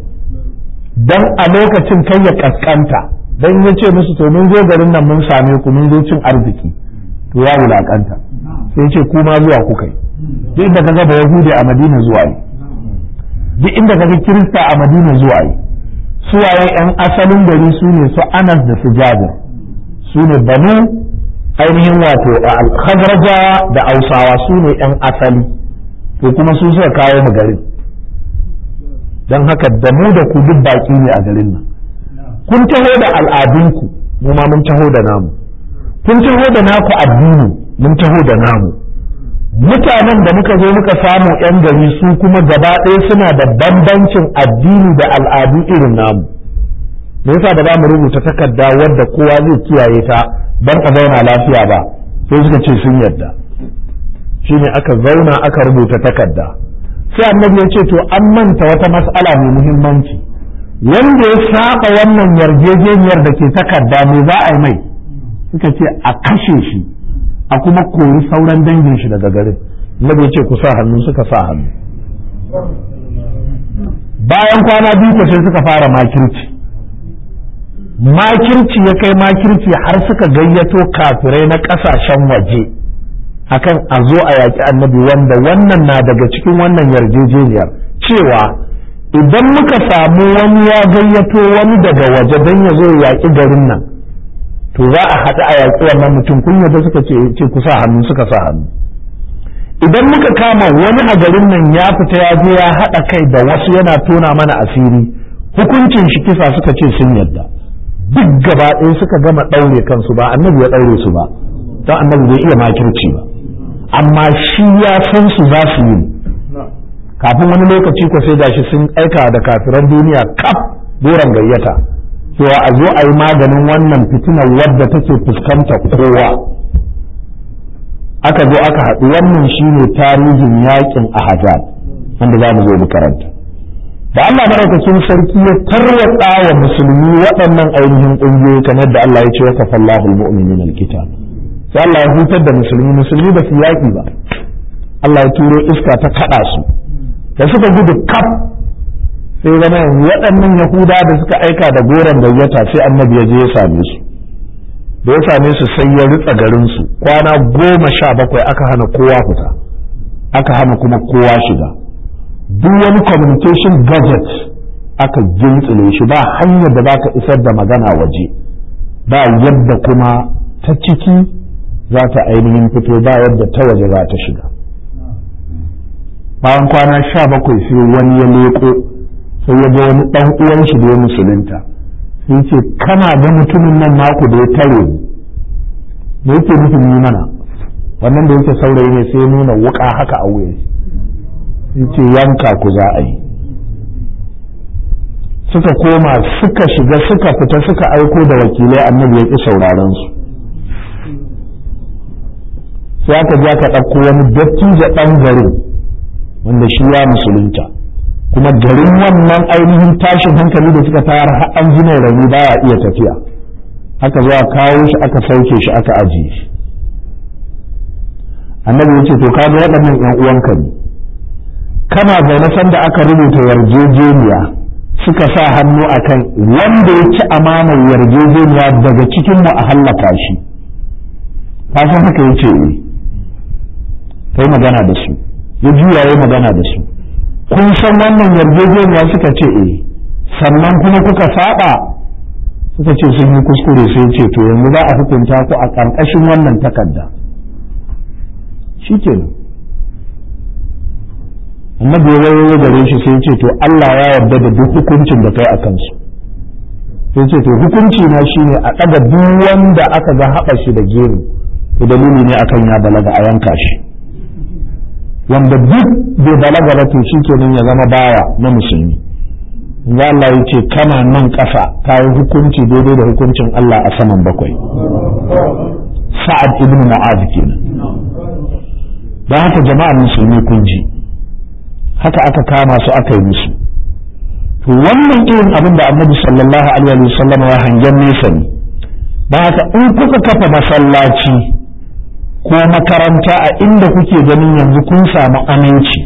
don a lokacin kai ya kaskanta don ya ce musu to mun zo garin nan mun same ku mun zo cin arziki to ya wulakanta sai ce kuma zuwa kuka yi duk da ka gaba yahudi a madina zuwa ne duk inda kaga kirista a madina zuwa yi suwaye yan asalin gari su ne su anas da su jabir su ne banu ainihin wato khadrajawa da ausawa su ne yan asali to kuma su suka kawo mu garin don haka da mu da ku duk baki ne a garin nan kun taho da al'adunku mu ma mun taho da namu kun taho da naku addini mun taho da namu mutanen da muka zo muka samu yan gari su kuma gaba ɗaya suna da bambancin addini da al'adu irin namu me yasa da ba mu rubuta takarda wadda kowa zai kiyaye ta ban a zauna lafiya ba sai suka ce sun yadda shine aka zauna aka rubuta takarda sai annabi ya ce to an manta wata mas'ala mai muhimmanci wanda ya saba wannan yarjejeniyar da ke takarda me za a yi mai suka ce a kashe shi a kuma kori sauran dangin shi daga garin nabi ce ku sa hannu suka sa hannu bayan kwana biyu ko sai suka fara makirci makirci ya kai makirci har suka gayyato kafirai na kasashen waje akan a zo a yaƙi annabi wanda wannan na daga cikin wannan yarjejeniyar cewa idan muka samu wani ya gayyato wani daga waje don ya zo yaƙi garin nan to za a haɗu a yaƙi wannan mutum kun yadda suka ce ce ku sa hannu suka sa hannu idan muka kama wani a garin nan ya fita ya je ya haɗa kai da wasu yana tona mana asiri hukuncin shi kisa suka ce sun yadda duk gaba ɗaya suka gama ɗaure kansu ba annabi ya ɗaure su ba don annabi bai iya makirci ba amma shi ya san su za su yi kafin wani lokaci ko sai shi sun aika da kafiran duniya kaf doron gayyata cewa a zo a yi maganin wannan fitinar wadda take fuskanta kowa aka zo aka haɗu wannan shine tarihin yakin ahzab wanda za mu zo mu karanta da Allah madaukakin sarki ya tarwatsa wa musulmi waɗannan ainihin ƙungiyoyi kamar da Allah ya ce wa kafallahu almu'minin alkita." sai Allah ya hutar da musulmi musulmi ba su yaƙi ba Allah ya turo iska ta kaɗa su da suka gudu kaf sai zama waɗannan yahuda da suka aika da goron gayyata sai annabi ya je ya same su da ya same su sai ya ritsa garin su kwana goma sha bakwai aka hana kowa fita aka hana kuma kowa shiga duk wani communication gadget aka gintsile shi ba hanyar da za ka isar da magana waje ba yadda kuma ta ciki za ta ainihin fito ba yadda ta waje za ta shiga bayan kwana sha bakwai sai wani ya leko sai ya ga wani ɗan uwan shi da ya musulunta sai ce kana ga mutumin nan naku da ya tare da yake nufin yi mana wannan da yake saurayi ne sai ya nuna wuka haka a wuyan sai ce yanka ku za a yi suka koma suka shiga suka fita suka aiko da wakilai annabi ya ƙi sauraron su sai aka ja ka ɗauko wani dattijo ɗan garin wanda shi ya musulunta kuma garin wannan ainihin tashin hankali da suka tara har an ji mai ba ya iya tafiya haka zuwa kawo shi aka sauke shi aka ajiye shi annabi yace to kaga waɗannan ƴan uwanka ne kana zaune sanda aka rubuta yarjejeniya suka sa hannu akan wanda ya ci amanar yarjejeniya daga cikin mu a halaka shi kasan haka yace eh kai magana da su ya juya magana da su kun san wannan yarjejeniya suka ce eh sannan kuma kuka saba suka ce sun yi kuskure sai ce to yanzu za a hukunta ku a ƙarƙashin wannan takarda shi amma da ya yi gare shi sai ce to Allah ya yarda da duk hukuncin da kai a kansu sai ce to hukunci na shine a ɗaga duk wanda aka ga haɓa shi da gero to dalili ne akan ya balaga a yanka shi wanda duk bai balaga ba to shi kenan ya zama baya na musulmi ya Allah ya ce kana nan kafa ta yi hukunci daidai da hukuncin Allah a saman bakwai sa'ad ibn mu'az kenan don haka jama'ar musulmi kun ji haka aka kama su aka yi musu wannan irin abin da annabi sallallahu alaihi wasallam ya hangen nesa ne ba haka in kuka kafa masallaci ko makaranta a inda kuke ganin yanzu kun samu aminci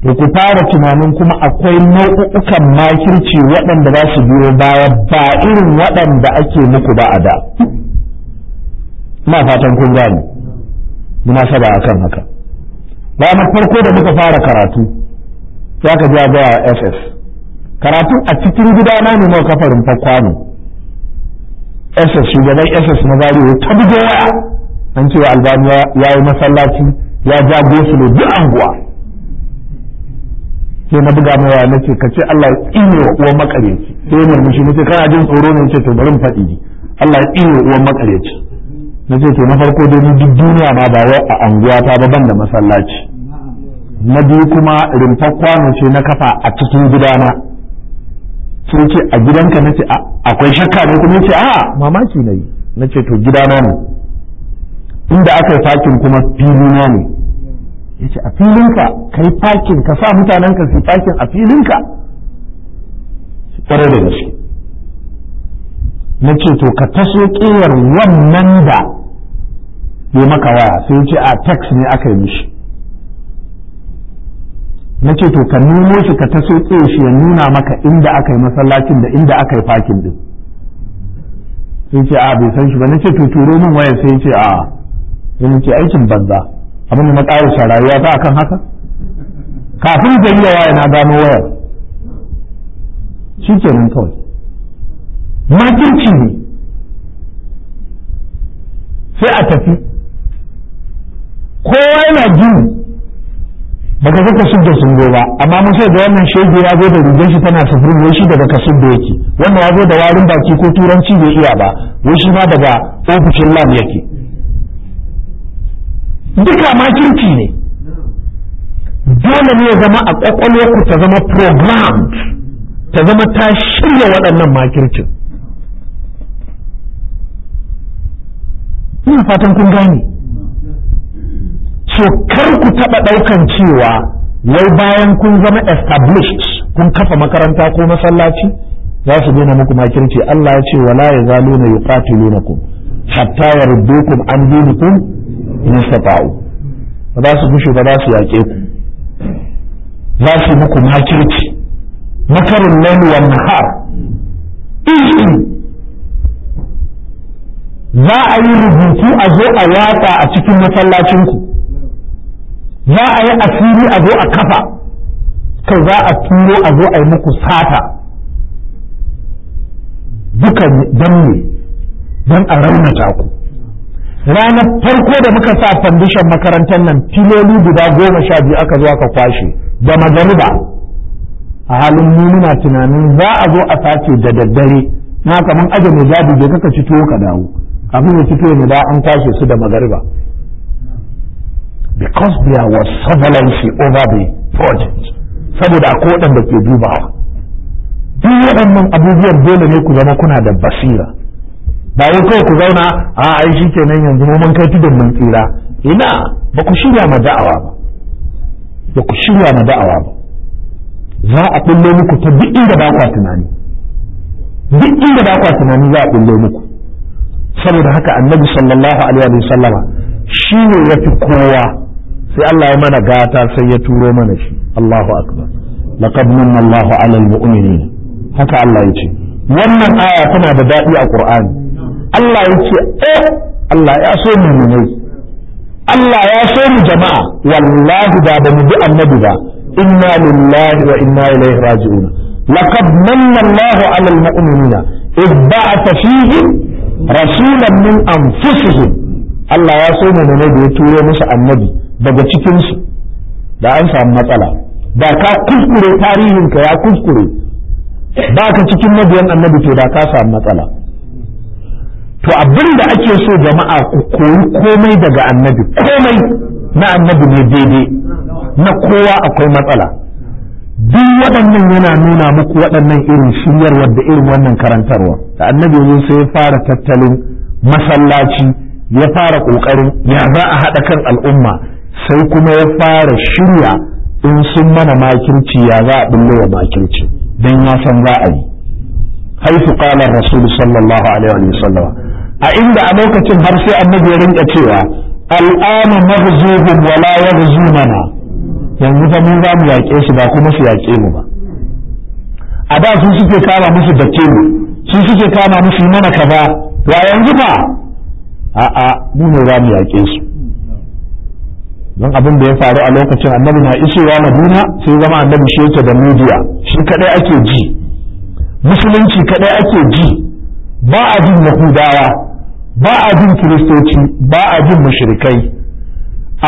to ku fara tunanin kuma akwai nau'ukan makirci waɗanda za su biyo baya ba irin waɗanda ake muku ba a da ina fatan kun gane a akan haka na farko da muka fara karatu ya ka ja ga ss karatu a cikin na ne mai kafarin fakwano ss shugaban ss na zariya ta bugo an ce albani ya yi masallaci ya ja gosulo duk anguwa sai na buga mai na ce ka ce Allah ya tsine wa uwan makareci sai ne mushi nace ce kana jin tsoro ne ce to bari mu faɗi Allah ya tsine wa uwan makareci na ce to na farko dai ni duk duniya na ba wai a anguwa ta ba banda masallaci na biyu kuma rimfar kwano ce na kafa a cikin gidana sun ce a gidanka na akwai shakka ne kuma ce a mamaki na yi na to gidana ne inda aka yi fakin kuma filina ne ya ce a filinka ka yi fakin ka sa mutanen ka su fakin a filinka kwarai da gaske na ce to ka taso ƙiyar wannan da ya maka waya sai ce a tax ne aka yi mishi na ce to ka nemo shi ka taso ƙiyar shi ya nuna maka inda aka yi masallacin da inda aka yi fakin din sai ce a bai san shi ba na ce to turo min waya sai ce a yana ce aikin banza abin da na ƙarisa rayuwa ta akan haka kafin gari yi yawa na gano wayar shi kenan kawai makinci ne sai a tafi kowa yana jin Baka ga zaka da sun ba amma mun sai da wannan shege ya zo da rigar shi tana sufurin wai shi daga kasu da yake wannan ya zo da warin baki ko turanci bai iya ba wai shi ma daga ofishin lam yake duka makirci ne dole ne ya zama a ku ta zama programmed ta zama ta shirya waɗannan makircin ina fatan kun gane so kar ku taɓa ɗaukan cewa wai bayan kun zama established kun kafa makaranta ko masallaci za su daina muku makirci Allah ya ce wala ya zalo na yuqatilunakum hatta yardukum an dinikum in istata'u ba za su gushe ba za su yaƙe ku za su muku makirci makarin lalu wa nahar za a yi rubutu a zo a yata a cikin masallacinku za a yi asiri a zo a kafa kai za a turo a zo a yi muku sata duka don ne don a raunata ku ranar farko da muka sa fandishan makarantar nan filoli guda goma sha biyu aka zo aka kwashe da magariba a halin muna tunanin za a zo a sace da daddare na kamar aje mai gadi je kaka ci tuwo ka dawo kafin ya ci ne da an kwashe su da magariba because there was surveillance over the project saboda a da ke dubawa duk waɗannan abubuwan dole ne ku zama kuna da basira ba yi kawai ku zauna a ai shi kenan yanzu mu mun kai tudun mun tsira ina ba ku shirya ma da'awa ba ba ku shirya ma da'awa ba za a ɓullo muku ta duk inda ba kwa tunani duk inda ba kwa tunani za a ɓullo muku saboda haka annabi sallallahu alaihi wa sallama shi ne ya fi kowa sai Allah ya mana gata sai ya turo mana shi Allahu akbar laqad manna Allahu alal mu'minin haka Allah ya ce wannan aya tana da daɗi a Qur'ani Allah ya ce eh Allah ya so mu ne Allah ya so mu jama'a wallahi da ba mu bi annabi ba inna lillahi wa inna ilaihi raji'un laqad manna Allahu 'alal mu'minina idh ba'atha fihim rasulan min anfusihim Allah ya so mu ne da ya turo musu annabi daga cikin su da an samu matsala da ka kuskure tarihinka ya kuskure ba ka cikin mabiyan annabi to da ka samu matsala to abin da ake so jama'a ku koyi komai daga annabi komai na annabi ne daidai na kowa akwai matsala duk waɗannan yana nuna muku waɗannan irin shiryarwar da irin wannan karantarwa da annabi yanzu sai ya fara tattalin masallaci ya fara ƙoƙarin ya za a haɗa kan al'umma sai kuma ya fara shirya in sun mana makirci ya za a ɓullo wa makirci don ya san za a yi haifu قال الرسول sallallahu alaihi wa sallam a inda a lokacin har sai annabi ya rinka cewa al'ana يعني wa من ذا yanzu fa mun za mu yaƙe su ba kuma su yaƙe ba a da su suke kama musu bakke mu suke kama musu abin da ya faru a lokacin annabi na isowa madina sai zama annabi shi yake da Mudiya shi kadai ake ji musulunci kaɗai ake ji ba a jin yahudawa ba a jin kiristoci ba a jin mushrikai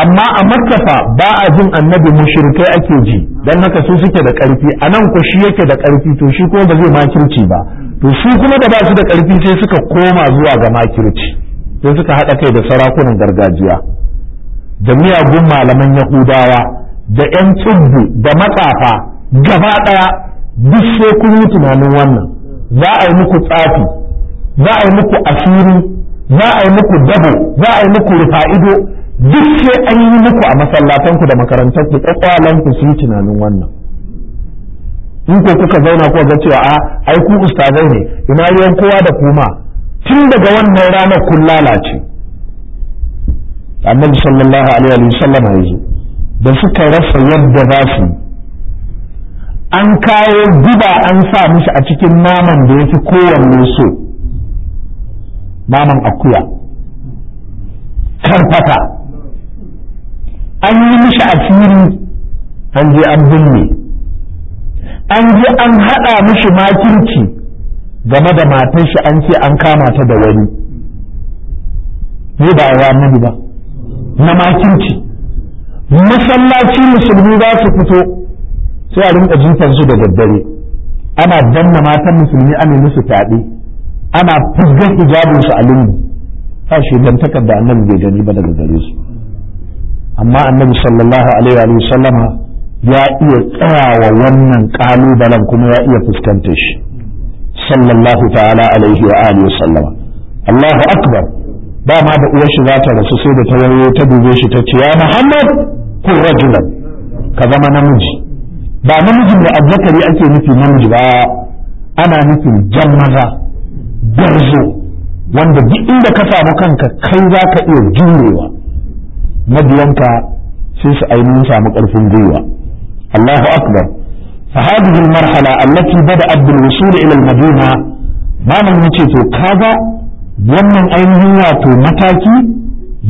amma a makkafa ba a jin annabi mushrikai ake ji don haka su suke da karfi a nan ku shi yake da karfi to shi kuma ba zai makirci ba to shi kuma da ba su da ƙarfi sai suka koma zuwa ga makirci sai suka haɗa kai da sarakunan gargajiya da miyagun malaman yahudawa da 'yan tsubbu da matsafa gaba ɗaya duk sai kun yi tunanin wannan za a yi muku tsafi za a yi muku asiri za a yi muku dabo za a yi muku rufa'ido duk sai an yi muku a masallatanku da makarantarku kwakwalanku su yi tunanin wannan in ko kuka zauna kuka ga cewa a ah, ai ku ustazai ne ina ruwan kowa da kuma tun daga wannan ranar kun lalace annabi sallallahu alaihi wa sallam ya zo da suka rasa yadda za su an kawo guba an sa mishi a cikin naman da ya fi kowanne so naman akuya karfata an yi mishi a fili an je an binne an je an haɗa mishi makirci game da matar shi an ce an kama ta da wani ne ba a ba na makirci masallaci musulmi za su fito sai a rinka jifan su da daddare ana danna matan musulmi ana musu fyaɗe ana fusgar hijabin su a lungu ba shegantakar takarda annabi bai gani ba daga gare su amma annabi sallallahu alaihi wa sallama ya iya tsayawa wannan kalubalen kuma ya iya fuskantar shi sallallahu ta'ala alaihi wa alihi wa sallama Allahu akbar ba ma da uwar shi za ta rasu sai da ta wayo ta dube shi ta ce ya Muhammad kun rajulan ka zama namiji ba namijin da azzakari ake nufi namiji ba ana nufin jan maza garzo wanda duk inda ka samu kanka kai za ka iya jurewa mabiyanka sai su ainihin samu ƙarfin gwiwa Allahu akbar fa marhala allati bada'at bil wusul ila al-madina malam yace to wannan ainihin wato mataki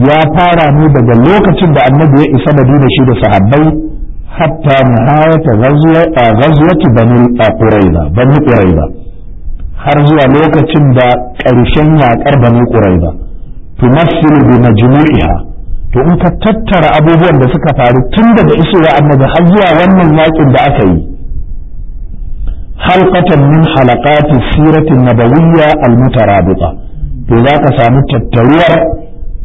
ya fara ne daga lokacin da annabi ya isa madina shi da sahabbai hatta nihayata ghazwati bani quraiba bani quraiba har zuwa lokacin da ƙarshen yaƙar bani quraiba tumassilu bi majmu'iha to in ka tattara abubuwan da suka faru tun daga isowa annabi har zuwa wannan yaƙin da aka yi halqatan min halaqati siratin nabawiyya al-mutarabita to za ka samu tattaruwar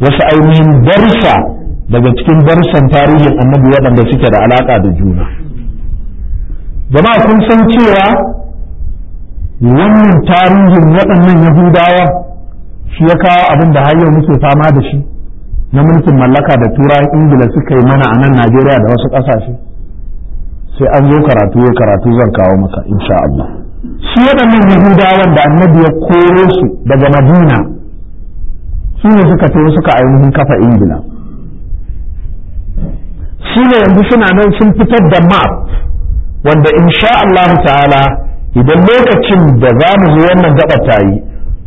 wasu ainihin barsa. daga cikin darsan tarihin annabi waɗanda suke da alaƙa da juna jama'a kun san cewa wannan tarihin waɗannan yahudawa shi ya kawo abin da muke fama da shi na mulkin mallaka da turai ingila suka yi mana a nan najeriya da wasu ƙasashe sai an zo karatu ya karatu zan kawo maka insha Allah su waɗannan yahudawan da annabi ya koro su daga madina su ne suka tafi suka ainihin kafa ingila shi ne yanzu suna nan sun fitar da map wanda insha Allah ta'ala idan lokacin da za mu zo wannan gaba ta yi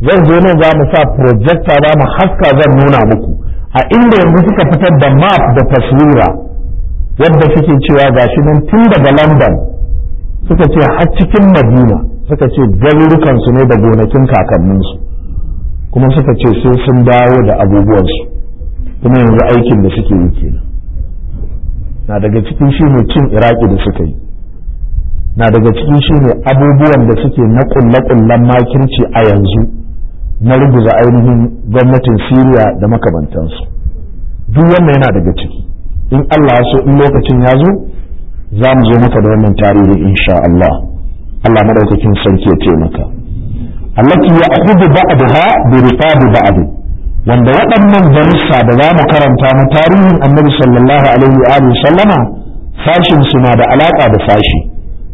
zan zo nan za mu sa projector za mu haska zan nuna muku a inda yanzu suka fitar da map da taswira yadda suke cewa ga shi nan tun daga London suka ce har cikin Madina suka ce garurukansu ne da gonakin kakanninsu kuma suka ce sai sun dawo da abubuwansu kuma yanzu aikin da suke yi kenan na daga cikin shi ne cin iraki da suka yi na daga cikin shi ne abubuwan da suke na kullakullan makirci a yanzu na ruguza ainihin gwamnatin siriya da makamantansu duk wannan yana daga ciki in allah so in lokacin ya zo za mu zo maka da wannan tarihi insha allah allah madaukakin sarki ya taimaka allati ya akhudhu ba'daha bi rifadi ba'd wanda waɗannan darussa da za mu karanta na tarihin annabi sallallahu alaihi wa sallama fashin su na da alaƙa da fashi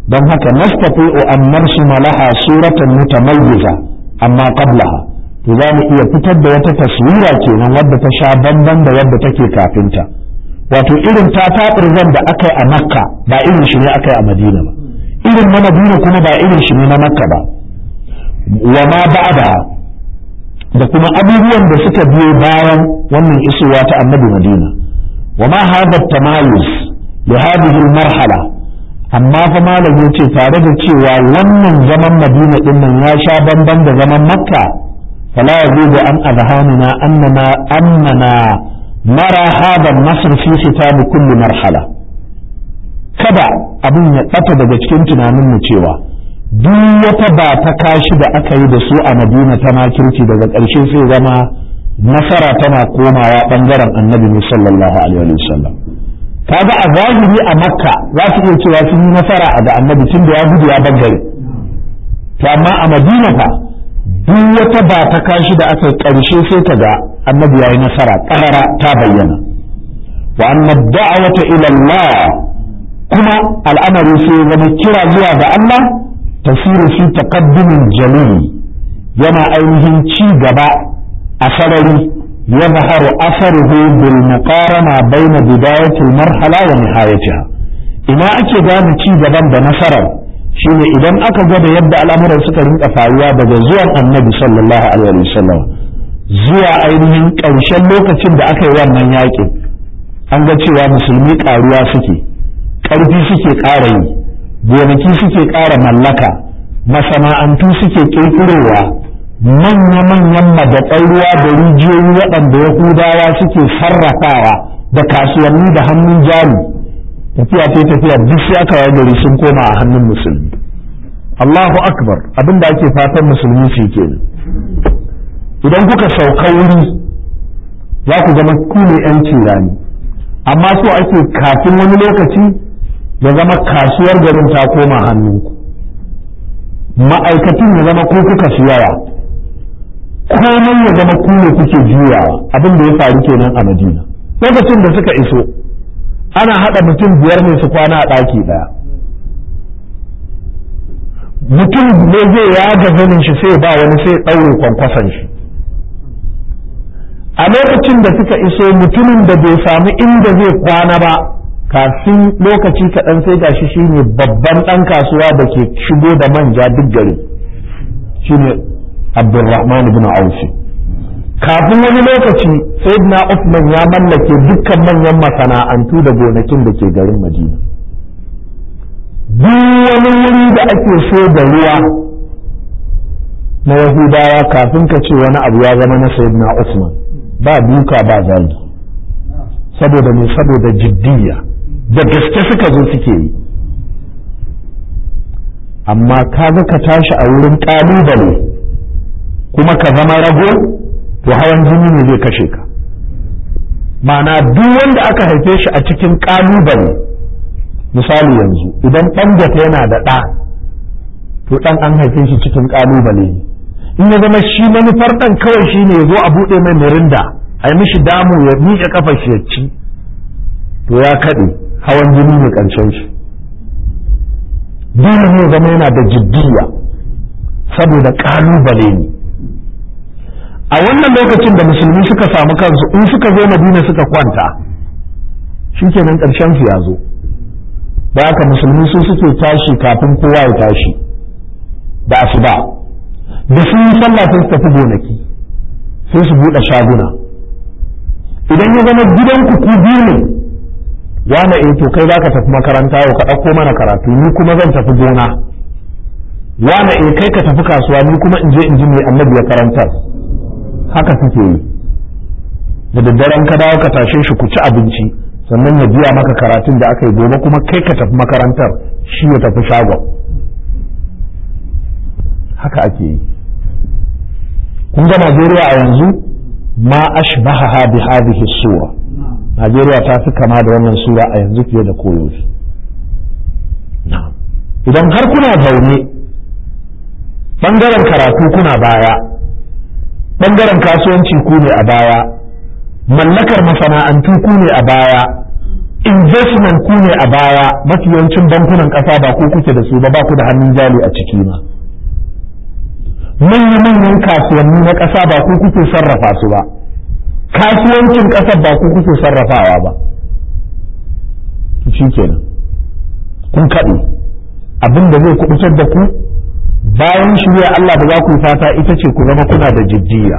don haka nastati'u an narsuma laha suratan mutamayyiza amma qablaha to za mu iya fitar da wata taswira kenan wadda ta sha bamban da wadda take kafinta wato irin ta taɓirzan da akai a makka ba irin shi ne akai a madina ba irin na madina kuma ba irin shi ne na makka ba wa ma ba'da da kuma abubuwan da suka biyo bayan wannan isowa ta annabi madina wa ma hadha tamayuz li hadhihi marhala amma fa malam yace tare da cewa wannan zaman madina din nan ya sha bamban da zaman makka fala yajuzu an adhanina annana annana nara hadha nasr fi kitab kulli marhala kada abin ya ɓata daga cikin tunanin mu cewa duk wata ba ta kashi da aka yi da su a madina tana kirki daga ƙarshe sai zama nasara tana komawa ɓangaren annabi ne sallallahu alaihi wa sallam kaga a zahiri a makka za su iya cewa sun yi nasara a ga annabi tun da ya gudu ya bangare to amma a madina fa duk wata ba ta kashi da aka ƙarshe sai ta ga annabi ya yi nasara ƙarara ta bayyana wa annad da'awata ila Allah kuma al'amari sai zama kira zuwa ga Allah tasiru fi taqaddumin jalili yana ainihin ci gaba a sarari يظهر أثره بالمقارنة بين بداية المرحلة ونهايتها إما أكي دام تي جبان بنفرا شيني إذن أكا جد يبدأ الأمر سكرين أفعيا بدا زوى النبي صلى الله عليه وسلم زوى أينهم كوشن لوكتين دا أكا يوان من يأكي أنجا تيوى مسلمي كاروا سكي كاربي سكي كاري gonaki suke ƙara mallaka masana'antu suke ƙirƙirowa manya-manyan madatsar ruwa da rijiyoyi waɗanda yahudawa suke sarrafawa da kasuwanni da hannun jari tafiya ta tafiya duk sai aka yi gari sun koma a hannun musulmi Allahu akbar abin da ake fatan musulmi su ke idan kuka sauka wuri za ku zama ku ne yan rani. amma so ake kafin wani lokaci ya zama kasuwar garin ta koma hannunku ma'aikatun ya zama ko kuka siyawa, komai ya zama ku kuke juyawa abin da ya faru kenan a madina lokacin da suka iso ana haɗa mutum biyar ne su kwana a ɗaki ɗaya mutum ne zai yaga zanin shi sai ba wani sai ɗaure kwankwason shi a lokacin da suka iso mutumin da bai samu inda zai kwana ba kafin lokaci kaɗan sai gashi ne babban ɗan kasuwa da ke shigo da manja duk gari ne abdulrahman ibn auf kafin wani lokaci sayyidina usman ya mallake dukkan manyan masana'antu da gonakin da ke garin madina duk wani wuri da ake so da ruwa na yahudawa kafin ka ce wani abu ya zama na sayyidina usman ba duka ba zagi saboda ne saboda jiddiya da gaske suka zo suke yi amma kaga ka tashi a wurin ƙalubale kuma ka zama rago to hawan jini ne zai kashe ka mana duk wanda aka haife shi a cikin ƙalubale misali yanzu idan ɗan gata yana da ɗa to ɗan an haife shi cikin ƙalubale ne in ya zama shi manufar ɗan kawai shi ne ya zo a buɗe mai mirinda a yi mishi damu ya miƙe kafa shi ya ci to ya kaɗe hawan jini mai ƙarshen shi dole ne zama yana da jiddiya saboda ƙalubale ne a wannan lokacin da musulmi suka samu kansu in suka zo madina suka kwanta shi kenan ƙarshen su ya zo da aka musulmi su suke tashi kafin kowa ya tashi da asuba da sun yi sallah sun tafi gonaki sai su buɗe shaguna idan ya zama gidanku ku biyu ne ya na eh, to kai za ka tafi makaranta yau ka ɗauko mana karatu ni kuma zan tafi gona na e eh, kai ka tafi kasuwa ni kuma in je in ji mai annabi ya karantar haka suke yi da daddaren ka dawo ka tashe shi ku ci abinci sannan ya biya maka karatun da aka yi gobe kuma kai ka tafi makarantar shi ya tafi shagon haka ake yi kun ga Najeriya a yanzu ma ashbaha bi hadhihi sura najeriya ta fi kama da wannan sura a yanzu fiye da koyaushe idan har kuna zaune ɓangaren karatu kuna baya ɓangaren kasuwanci ku ne a baya mallakar masana'antu ku ne a baya investment ku ne a baya mafi yawancin bankunan ƙasa ba ku kuke da su ba ba ku da hannun jari a ciki ba manya-manyan kasuwanni na ƙasa ba ku kuke sarrafa su ba kasuwancin ƙasar ba ku kuke sarrafawa ba shi kenan kun kaɗe abin da zai kubutar da ku bayan shirya Allah da za ku fata ita ce ku zama kuna da jijjiya.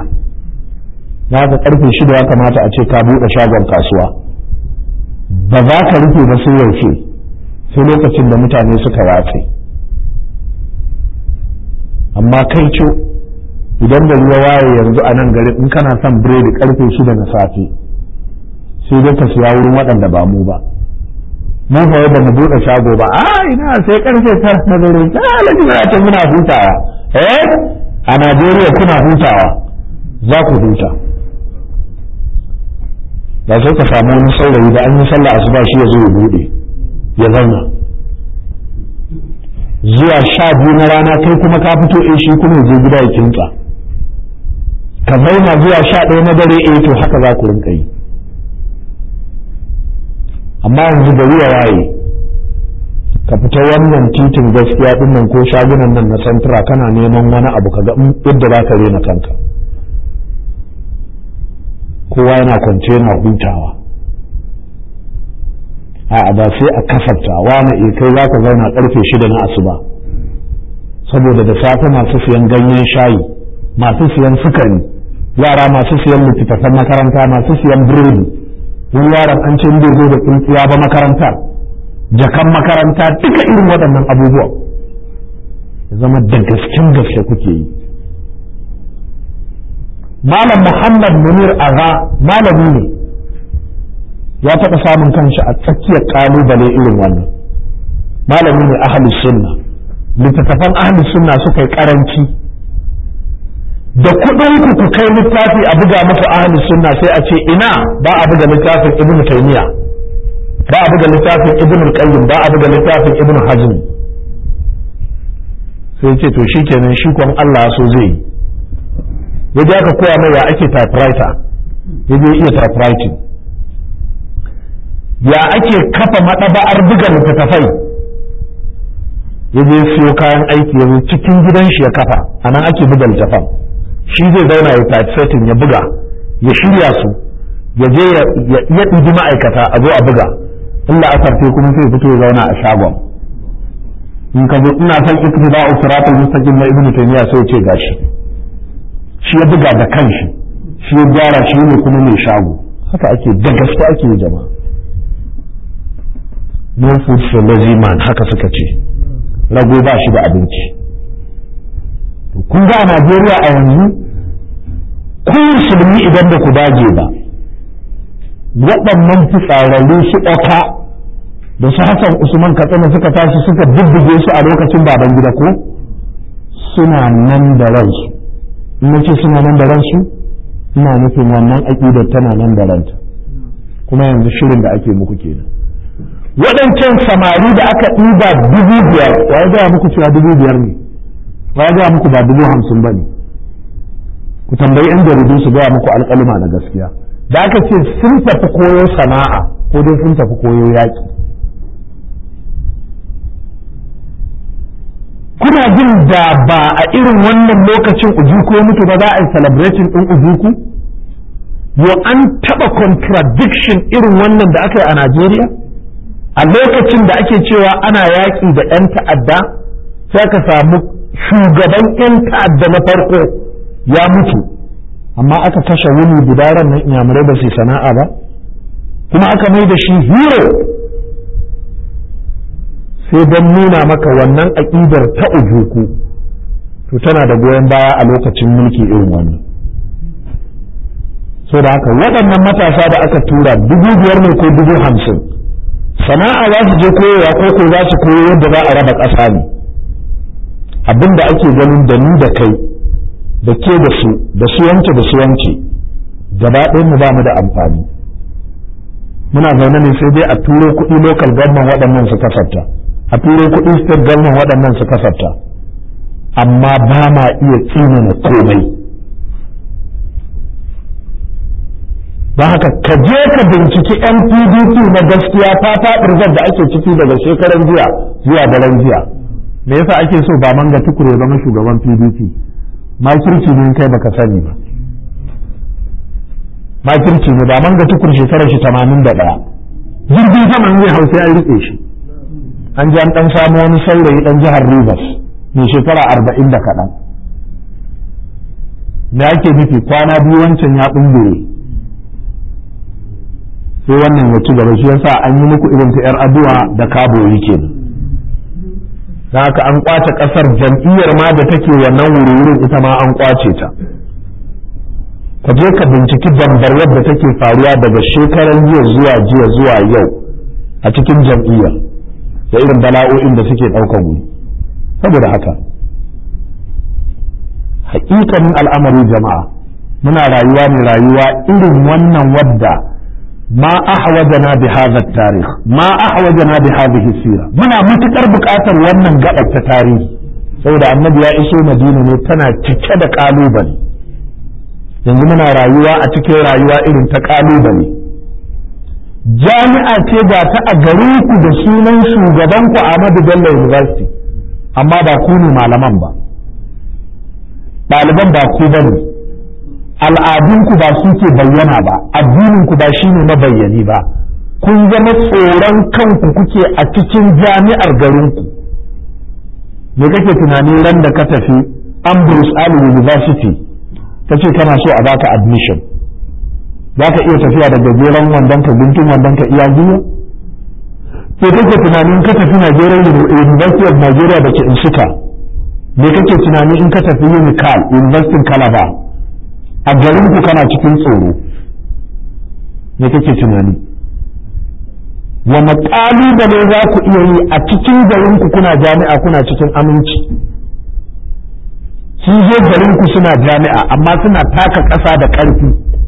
na ga ƙarfe shida ya kamata a ce ka buɗe shagon kasuwa ba za ka rufe ba sai yaushe sai lokacin da mutane suka watse amma kai ce idan da ruwa waye yanzu a nan gari in kana son biredi karfe shida na safe sai dai ka siya wurin waɗanda ba mu ba mu fa da mu buɗe shago ba a ah, ina sai karfe tara na dare ta ah, alaji ba ta muna hutawa eh a Najeriya kuna hutawa za ku huta ba sai ka samu wani saurayi da an yi sallah asuba shi ya zo ya buɗe ya zauna zuwa sha biyu na rana kai kuma ka fito in eh, shi kuma je gida ya kinta. ka zauna zuwa sha ɗaya na dare eh to haka za ku rinka yi amma yanzu da wuya waye ka fita wannan titin gaskiya ɗin nan ko shagunan nan na santra kana neman wani abu ka ga mm, yadda za ka rena kanka kowa yana kwance yana hutawa a ba sai a kasafta wani e eh, kai za ka zauna karfe shida na asuba saboda da safe masu siyan ganyen shayi masu siyan sukari yara masu siyan littattafan makaranta masu siyan burodi in yaran an ce bai zo da tsintsiya ba makaranta jakan makaranta duka irin waɗannan abubuwa zama da gasken gaske kuke yi malam muhammad munir aga malami ne ya taɓa samun kanshi a tsakiyar ƙalubale irin wannan malami ne ahalus littattafan ahalus sunna suka yi ƙaranci da kudin ku ku kai littafi a buga muku ahli sunna sai a ce ina ba a buga littafin ibnu taymiya ba a buga littafin ibnu qayyim ba a buga littafin ibnu hazm sai ce to shikenan shi kon Allah so zai yi ya ji aka koya mai ya ake typewriter ya je iya typewriting ya ake kafa maɗaba'ar buga littafai ya je siyo kayan aiki yanzu cikin gidan shi ya kafa a nan ake buga littafai shi zai zauna ya typesetting ya buga ya shirya su ya je ya ma'aikata a zo a buga in la'asar te kuma sai fito ya zauna a shagon in ka zo ina son a siratul mustaqim na ibnu taymiya sai ce gashi shi ya buga da kanshi shi ya gyara shi ne kuma mai shago haka ake da gaske ake yi jama'a no food for lazy man haka suka ce rago ba shi da abinci to kun ga a Najeriya a yanzu kun musulmi idan da ku dage ba waɗannan fitsararru su ɗauka da su Hassan Usman Katsina suka tashi suka bubbuge su a lokacin baban gida ko suna nan da ransu in ce suna nan da ransu ina nufin wannan aƙidar tana nan da ranta kuma yanzu shirin da ake muku kenan waɗancan samari da aka ɗiba dubu biyar wa ya gaya muku cewa dubu biyar ne ba ga muku ba dubu hamsin ba ne ku tambayi yan jaridu su gaya muku alƙaluma na gaskiya da aka ce sun tafi koyo sana'a ko dai sun tafi koyo yaƙi kuna jin da ba a irin wannan lokacin ujuku ya mutu ba za a yi celebrating ɗin ujuku yo an taɓa contradiction irin wannan da aka yi a najeriya a lokacin da ake cewa ana yaƙi da 'yan ta'adda sai ka samu shugaban 'yan ta'adda na farko ya mutu amma aka kashe wani guda na inyamurai ba sana'a ba kuma aka mai da shi hero sai don nuna maka wannan aƙidar ta ujuku to tana da goyon baya a lokacin mulki irin wannan so da haka waɗannan matasa da aka tura dubu biyar ne ko dubu hamsin sana'a za su je koyowa ko ko za su koyo yadda za a raba ƙasa ne abin da ake ganin da ni da kai da ke da su da su yanke da su yanke gaba mu ba mu da amfani muna zaune ne sai dai a turo kuɗi local government waɗannan su kasafta a turo kuɗi state government waɗannan su kasafta amma ba ma iya na komai ba haka ka je ka binciki yan na gaskiya ta faɗin da ake ciki daga shekaran jiya zuwa daren jiya me yasa ake so ba manga tukure zama shugaban pdp makirci ne kai baka sani ba makirci ne ba manga tukur shekarar shi tamanin da ɗaya jirgin sama ne hau sai an rike shi an ji an ɗan samu wani saurayi dan jihar rivers mai shekara arba'in da kaɗan me ake nufi kwana biyu wancan ya ɓungure sai wannan ya ci gaba shi yasa an yi muku irin ta 'yar addu'a da kabo yake kenan da haka an kwace kasar jam'iyyar ma da take wannan wuri ita ma an kwace ta ka je ka binciki dambar yadda take faruwa daga shekarar jiya zuwa jiya zuwa yau a cikin jam'iyya da irin bala'o'in da suke ɗaukar mu saboda haka hakikanin al'amari jama'a muna rayuwa ne rayuwa irin wannan wadda ma ahwajana bi hadha tarikh ma ahwajana bi hadhihi sira muna matuƙar buƙatar wannan gabar ta tarihi saboda annabi ya iso madina ne tana cike da kalubale yanzu muna rayuwa a cikin rayuwa irin ta kalubale jami'a ce ga ta a garin ku da sunan shugaban ku Ahmadu Bello University amma ba ku ne malaman ba ɗaliban ba ku bane al'adunku ba su ke bayyana ba addininku ba shi ne mabayyani ba kun zama tsoron kanku kuke a cikin jami'ar garinku me kake tunanin ran da ka tafi ambrose ali university ta ce kana so a baka admission za ka iya tafiya da gajeren wandon ka guntun wandon ka iya zuwa me kake tunanin ka tafi nigerian university of nigeria da ke in me kake tunanin in ka tafi unical university calabar a garin ku kana cikin tsoro me kake tunani da ne za ku iya yi a cikin garin ku kuna jami'a kuna cikin aminci sun zo garin ku suna jami'a amma suna taka ƙasa da ƙarfi